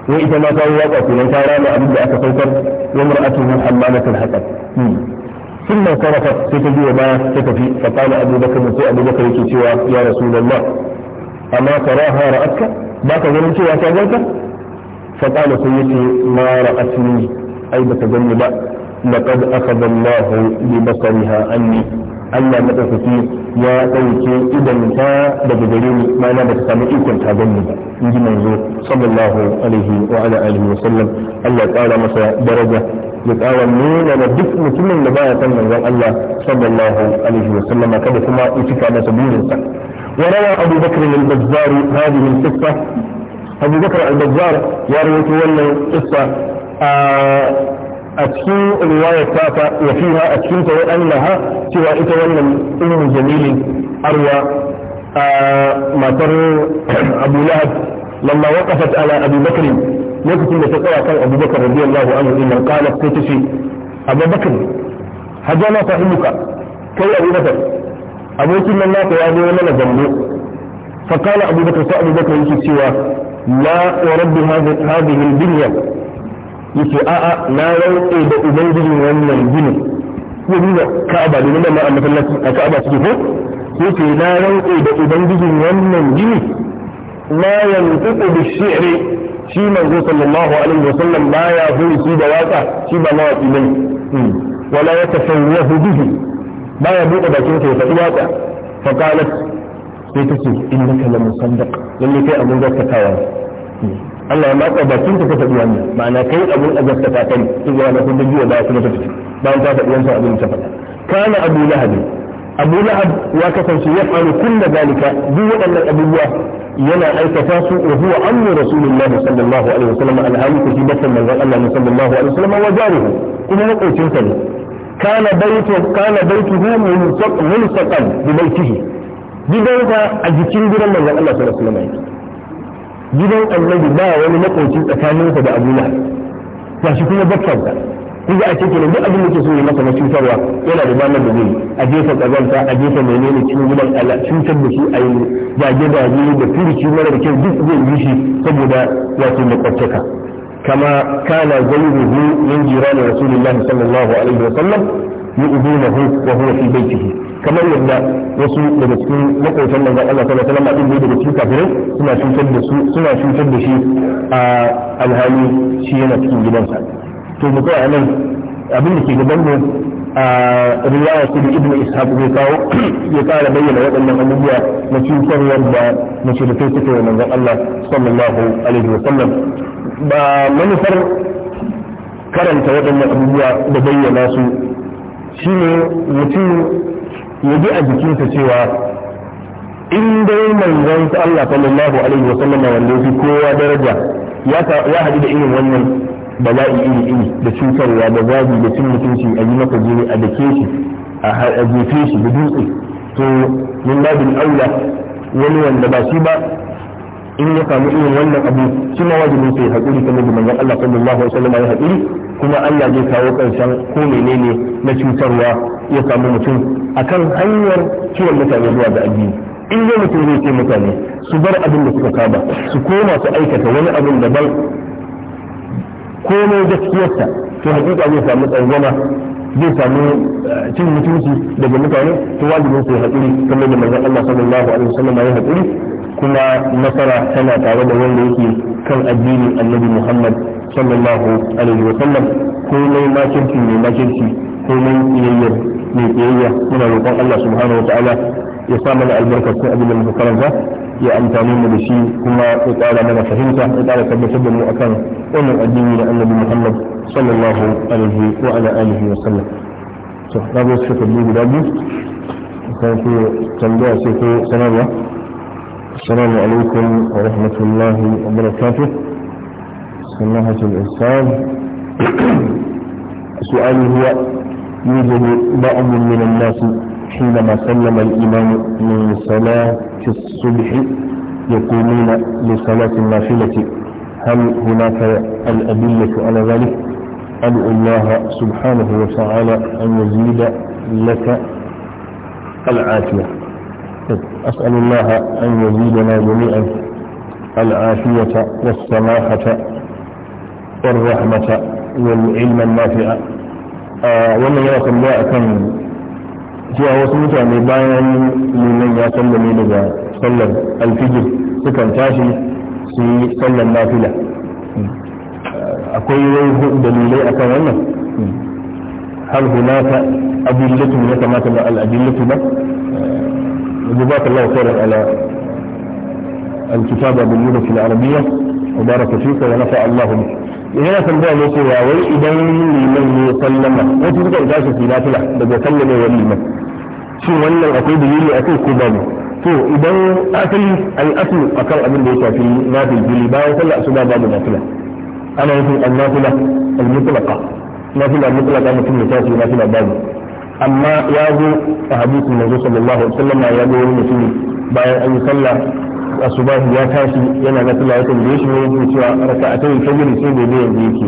وإذا ما كان وضع في waka kenan أبدا rama abin da aka ثم صرفت ستجي وما ستفي فقال أبو بكر سي أبو بكر يكتوى يا رسول الله أما تراها رأتك ما تظننت يا تظننت فقال سيدي ما رأتني أي بتظن لقد أخذ الله ببصرها عني Allah madaukaki ya dauke idan ta daga gare ni ma na ta samu ikon ta gani ba inji manzo sallallahu alaihi wa ala alihi wa sallam Allah ya kara masa daraja ya kara nuna da duk mutumin da baya san manzon Allah sallallahu alaihi wa sallam kada kuma ya Abu Bakr al-Bazzari أبو بكر البزار Abu Bakr al بكر ya يروي wannan قصة أكسو رواية تاتا وفيها أتكين وأنها سوى إتوانا الأم جميل أروى آه، ما تر أبو لهب لما وقفت على أبي بكر وقفت اللي تقرأ كان أبو بكر رضي الله عنه إلا قالت كتشي أبو بكر هجانا فهمك كي أبو بكر أبو كل الناس وأبو ومن ذنبه فقال أبو بكر سأبو بكر يجي سوى لا ورب هذه البنية yace a'a na rauke da ubangijin wannan gini. ginin ya duba ka'aba domin ma ma'a masallaci a ka'aba suke ko yace na rauke da ubangijin wannan gini ma yantiqu bi-shi'ri shi manzo sallallahu alaihi wasallam baya hulisi da waka shi ba mawaki bane hmm. wala yatafawwahu bihi ya buɗe bakin sa ya faɗi waka fa qalat sai tace innaka lamusaddaq lalle kai abun gaskatawa Allah ya matsa bakin ta faɗi wannan ma'ana kai abun a gaskata kai in ga wannan kundin jiya baya kuma ta fito bayan ta faɗi wannan abin ta faɗa kana Abu Lahab Abu Lahab ya kasance ya faru kullu zalika duk waɗannan abubuwa yana aikata su wa huwa amru rasulullahi sallallahu alaihi wasallam alhali ku shi bakkan manzon Allah sallallahu alaihi wasallam wa jaruhu kuma makocinsa ne كان بيته كان بيته ملصق ملصقا ببيته gidansa a jikin gidan manzon Allah sallallahu alaihi wasallam gidan annabi ba wani makoci tsakaninsa da abu ga shi kuma bakkansa kun ga a ce kenan duk abin da ke so ya masa na cutarwa yana da damar da zai a jefa kazanta a jefa menene cikin gidan ala cutar da shi a yi dage da firici mara da kyau duk zai yi shi saboda wato makwabtaka كما كان زيده من جيران رسول الله صلى الله عليه وسلم يؤذونه وهو في بيته kamar yadda wasu daga cikin makwaitan da Allah sallallahu wasu wasallam da daga cikin kafirai suna cutar da su shi a alhali shi yana cikin gidansa to mu ga nan abin da ke gaban mu a riwaya su da ibn ishaq zai kawo ya kara bayyana waɗannan abubuwa na cutarwar da mashirikai suka yi manzon Allah sallallahu alaihi wa sallam ba manufar karanta waɗannan abubuwa da bayyana su shine mutum ya ji a jikinsa cewa in dai manzon Allah sallallahu alaihi wa sallam wanda yafi kowa daraja ya haɗu da irin wannan bala'i iri iri da cutarwa da zabi da cin mutunci a yi masa jini a dake shi a jefe shi da dutse to min babin aula wani wanda ba shi ba in ya samu irin wannan abu shi ma wajibin sai haƙuri kamar da manzon Allah sallallahu alaihi wasallam ya haƙuri kuma Allah zai kawo ƙarshen ko menene na cutarwa ya samu mutum akan hanyar kiwon mutane zuwa ga addini in ya mutum zai ce mutane su bar abin da suka saba su koma su aikata wani abin da ban komai gaskiyarsa to haƙiƙa zai samu tsangwama zai samu eh, cin mutunci daga mutane to wajibin sai haƙuri kamar da manzon Allah sallallahu alaihi wasallam ya haƙuri kuma nasara tana tare da wanda yake kan addinin annabi muhammad sallallahu alaihi wa sallam komai makirci mai makirci komai kiyayyar mai kiyayya muna roƙon allah subhanahu wa ta'ala ya sa mana albarka cikin abin da muka karanta ya amfani mu da shi kuma ya ƙara mana fahimta ya ƙara tabbatar da mu akan wannan addini na annabi muhammad sallallahu alaihi wa ala alihi wa sallam to na zo suka guda biyu kan ku tambaya sai ko sanarwa السلام عليكم ورحمة الله وبركاته سماحة الإنسان سؤالي هو يوجد بعض من الناس حينما سلم الإمام من صلاة الصبح يقومون لصلاة النافلة هل هناك الأدلة على ذلك؟ أدعو الله سبحانه وتعالى أن يزيد لك العافية أسأل الله أن يزيدنا جميعا العافية والسماحة والرحمة والعلم النافع آه، ومن يرى الله أكن في أوسم تعني بايان لمن يسلم لذا سلم الفجر سكن تاشي في سلم نافلة أقول ويه دليلي أكن هل هناك أدلة يتماثل الأدلة ده آه، وجزاك الله خيرا على الكتابة باللغة العربية وبارك فيك ونفع الله بك هنا تنبع نقول يا ويئبا لمن يكلم وانت تبقى اجاسة في لا تلح بجا كلم وليما شو ولا اقيد لي اكل كبام تو إذا اكل اي اكل اكل امن بيتا في نافل في لبا وكل اسبا بعد نافلة انا يقول النافلة المطلقة نافلة المطلقة مثل نتاسي نافلة بابا amma ya zo a hadisin manzo sallallahu alaihi wasallam ya ga wani mutumi bayan an yi sallah a asubahi ya tashi yana na sallah ya tambaye shi ne yake cewa raka'atai fajr sai gobe yanzu yake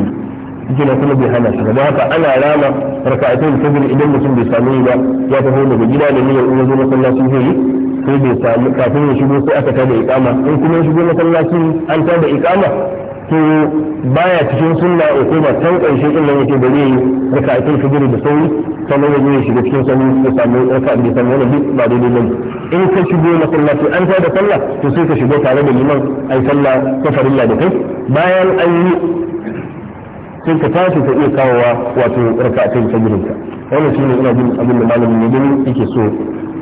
gina kuma bai hana shi ba haka ana rama raka'atai fajr idan mutum bai samu ba ya tafi daga gida da niyyar in yazo masallaci zai yi sai bai samu kafin ya shigo sai aka tada iqama in kuma ya shigo masallaci an tada iqama to baya cikin sunna uku ba can ƙarshe din nan yake bari yi raka aikin da sauri sannan ya zo shiga cikin sani ya samu raka da samu wani duk ba daidai bane in ka shigo na masallaci an da sallah to sai ka shigo tare da liman ai sallah ta farilla da kai bayan an yi sai ka tashi ka iya kawowa wato raka aikin fijirin ka wannan shine ina jin abin da malamin ne yake so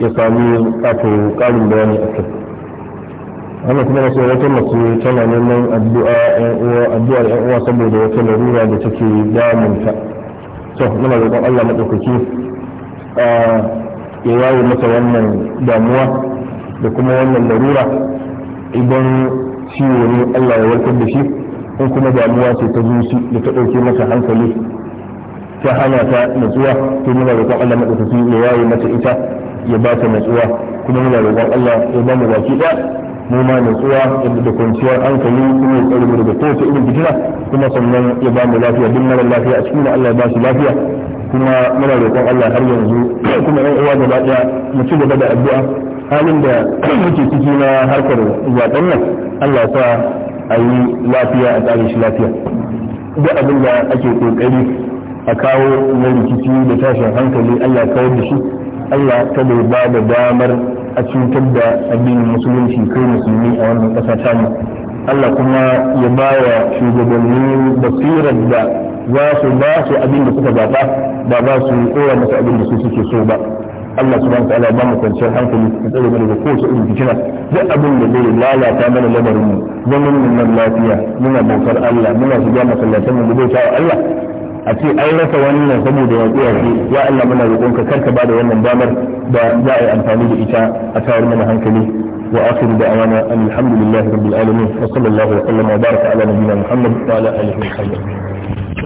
ya sami wato ƙarin bayani a kai wannan kuma na wata mace tana neman addu'a yan uwa saboda wata larura da take ta to muna roƙon Allah madaukaki a ya yaye mata wannan damuwa da kuma wannan larura idan ciwo ne Allah ya warkar da shi in kuma damuwa ce ta zuci da ta ɗauke mata hankali ta hana ta natsuwa to muna roƙon Allah madaukaki ya yaye mata ita ya ba ta natsuwa kuma muna roƙon Allah ya ba mu baki ɗaya mu ma tsuwa yadda da kwanciyar hankali kuma ya tsare daga kowace irin fitina kuma sannan ya ba mu lafiya duk mara lafiya a cikin Allah ya ba shi lafiya kuma muna roƙon Allah har yanzu kuma ɗan uwa gaba ɗaya mu ci gaba da addu'a halin da muke ciki na harkar zaɓen nan Allah sa a yi lafiya a tsare shi lafiya duk abin da ake ƙoƙari a kawo na rikici da tashin hankali Allah ya kawar da shi Allah ta bai ba da damar a cutar da addinin musulunci kai musulmi a wannan ƙasa ta mu Allah kuma ya ba wa shugabanni basirar da za su ba su abin da suka zaɓa ba za su ɗora masa abin da su suke so ba Allah subhanahu wa ta'ala ba mu kwanciyar hankali da tsare mana da kowace irin fitina duk abin da zai lalata mana lamarin mu zaman mu nan lafiya muna bautar Allah muna shiga masallatan mu da bauta wa Allah a ce an rasa wannan saboda yaƙi ce ya Allah muna roƙonka kar ka bada wannan damar da za a yi amfani da ita a tawar mana hankali wa akhiru da amana alhamdulillahi rabbil alamin wa sallallahu wa sallama baraka ala nabiyyina muhammad wa ala alihi wa sahbihi